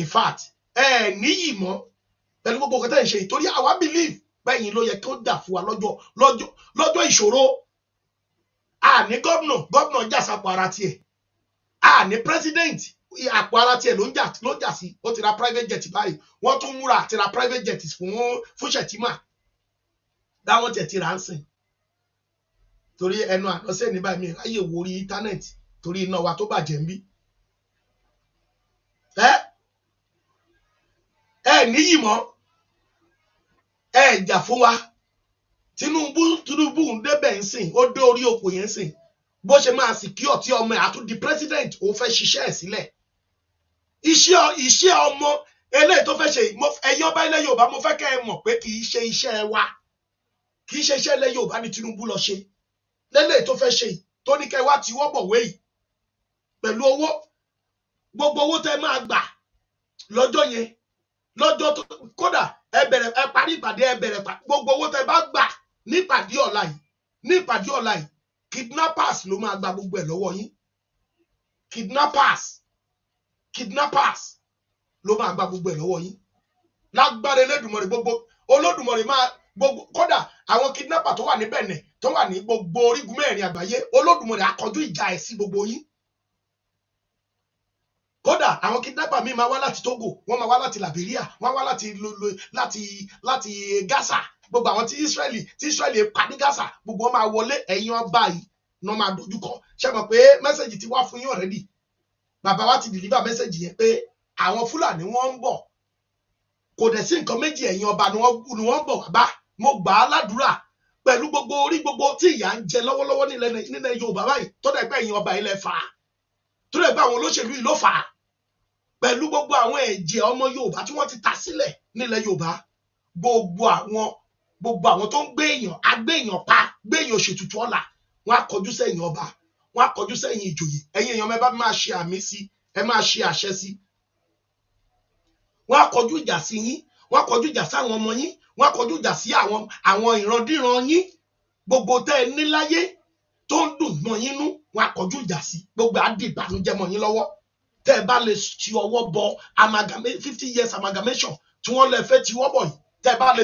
in fact ẹ níyì mọ́ pẹ̀lú gbogbo nǹkan tẹ́ ń ṣe ìtorí àwa believe bẹ́yìn ló yẹ kó dà fún wa lọ́jọ́ lọ́jọ́ lọ́jọ́ ìṣòro àní gómìnà gómìnà jà sápò ara tiẹ̀ àní president àpò ara tiẹ̀ ló ń jà ló ń jà sí ó ti ra private jet báyìí wọ́n tún múra àti ra private jet fún fún Shettima dáwọn tẹ̀ ti rà ń sìn torí ẹnu ànọ́sẹ̀ ní báyìí mi ráyè wo orí íńtánẹ́ẹ̀tì torí iná wa tó bàjẹ́ ń bí. ẹ ẹ níyì mọ́ ẹ jà fún wa Tinubu Tinubu ń débẹ̀ ń sìn ó dé orí oko yẹn ń sìn bó ṣe máa secure tí ọmọ ẹ àtúndì president òun fẹ́ ṣiṣẹ́ ẹ̀ sílẹ̀ iṣẹ́ iṣẹ́ ọmọ eléyìí tó fẹ́ ṣe ẹ̀yin ọba ilẹ̀ Yorùbá mo fẹ́ kẹ́ ẹ mọ̀ pé kì í ṣe iṣẹ́ wa kì í ṣe iṣẹ́ ilẹ̀ Yorùbá ni Tinubu lọ ṣe lélẹ̀ tó fẹ́ ṣe tó ní kẹ́ wá ti wọ́bọ̀ wéyìí pẹ̀lú owó gbogbo owó tẹ́ máa gbà lọ́jọ́ yẹn lọ́jọ́ tó kódà ẹ bẹ̀rẹ̀ ẹ parí ìpàdé ẹ bẹ̀rẹ̀ gbogbo owó tẹ́ bá gbà nípàdé ọ̀la yìí nípàdé ọ̀la yìí kidnappers ló máa gba gbogbo ẹ̀ lọ́wọ́ yín kidnappers kidnappers ló máa gba gbogbo ẹ̀ lọ́wọ́ yín lágbára Elédùmarè gbogbo Olódùmarè máa gbogbo kódà àwọn kidnapper tó wà ní Benin tó wà ní gbogbo orígun mẹ́rin àgbáyé Olódùmarè á kọjú ìjà ẹ̀ sí gbogbo yín kódà àwọn kidnapper mi máa wá láti Togo wọ́n máa wá láti Liberia wọ́n wá láti láti láti Gaza gbogbo àwọn tí Israeli tí Israeli pàdé Gaza gbogbo wọn máa wọlé ẹ̀yin ọba yìí ni wọ́n máa dojúkọ ṣe mọ̀ pé mẹ́sẹ̀gì ti wá fún yín already bàbá wa ti deliver mẹ́sẹ̀gì yẹn pé àwọn Fúlàní wọ́n ń bọ̀ kò dẹ̀ sí nǹkan méjì ẹ̀yin ọba ni wọ́n bọ̀ wá bá mo gbà á ládùúrà pẹ̀lú gbogbo orí gbogbo tí ìyà ń jẹ lọ́wọ́lọ́wọ́ nílẹ̀ Yorùbá báyìí tó dẹ̀ pé ẹ̀yin ọba ilẹ̀ fà á tó dẹ̀ pé àwọn olóṣèlú yìí ló fà á pẹ̀lú gbogbo àwọn ẹ̀jẹ̀ ọmọ Yorùbá tí wọ́n ti ta sílẹ̀ nílẹ̀ Yorùbá gbogbo àwọn gbogbo àwọn tó ń gbé èèyàn agbé èèyàn pa gbé èèyàn ṣètùtù ọ̀la wọn á kọjú sẹ́yìn ọba wọn á kọjú sẹ́yìn ìjòyè ẹ̀yin èèyàn mẹ́bá máa ṣe àmì sí ẹ máa ṣe àṣẹ sí wọn á kọjú ìjà sí yín wọn á kọjú ìjà sáwọn ọmọ yín wọ́n á kọjú ìjà sí àwọn àwọn ìrandíran yín gbogbo tẹ́ ẹ ní láyé tó ń dùn mọ́ yín nú wọ́n á kọjú ìjà sí gbogbo àdìbànújẹ́ mọ́ yín lọ́wọ́ tẹ́ ẹ bá lè ti ọwọ́ bọ fifty years amalgamation tí wọ́n lè fẹ́ ti wọ́ bọ̀ yìí tẹ́ ẹ bá lè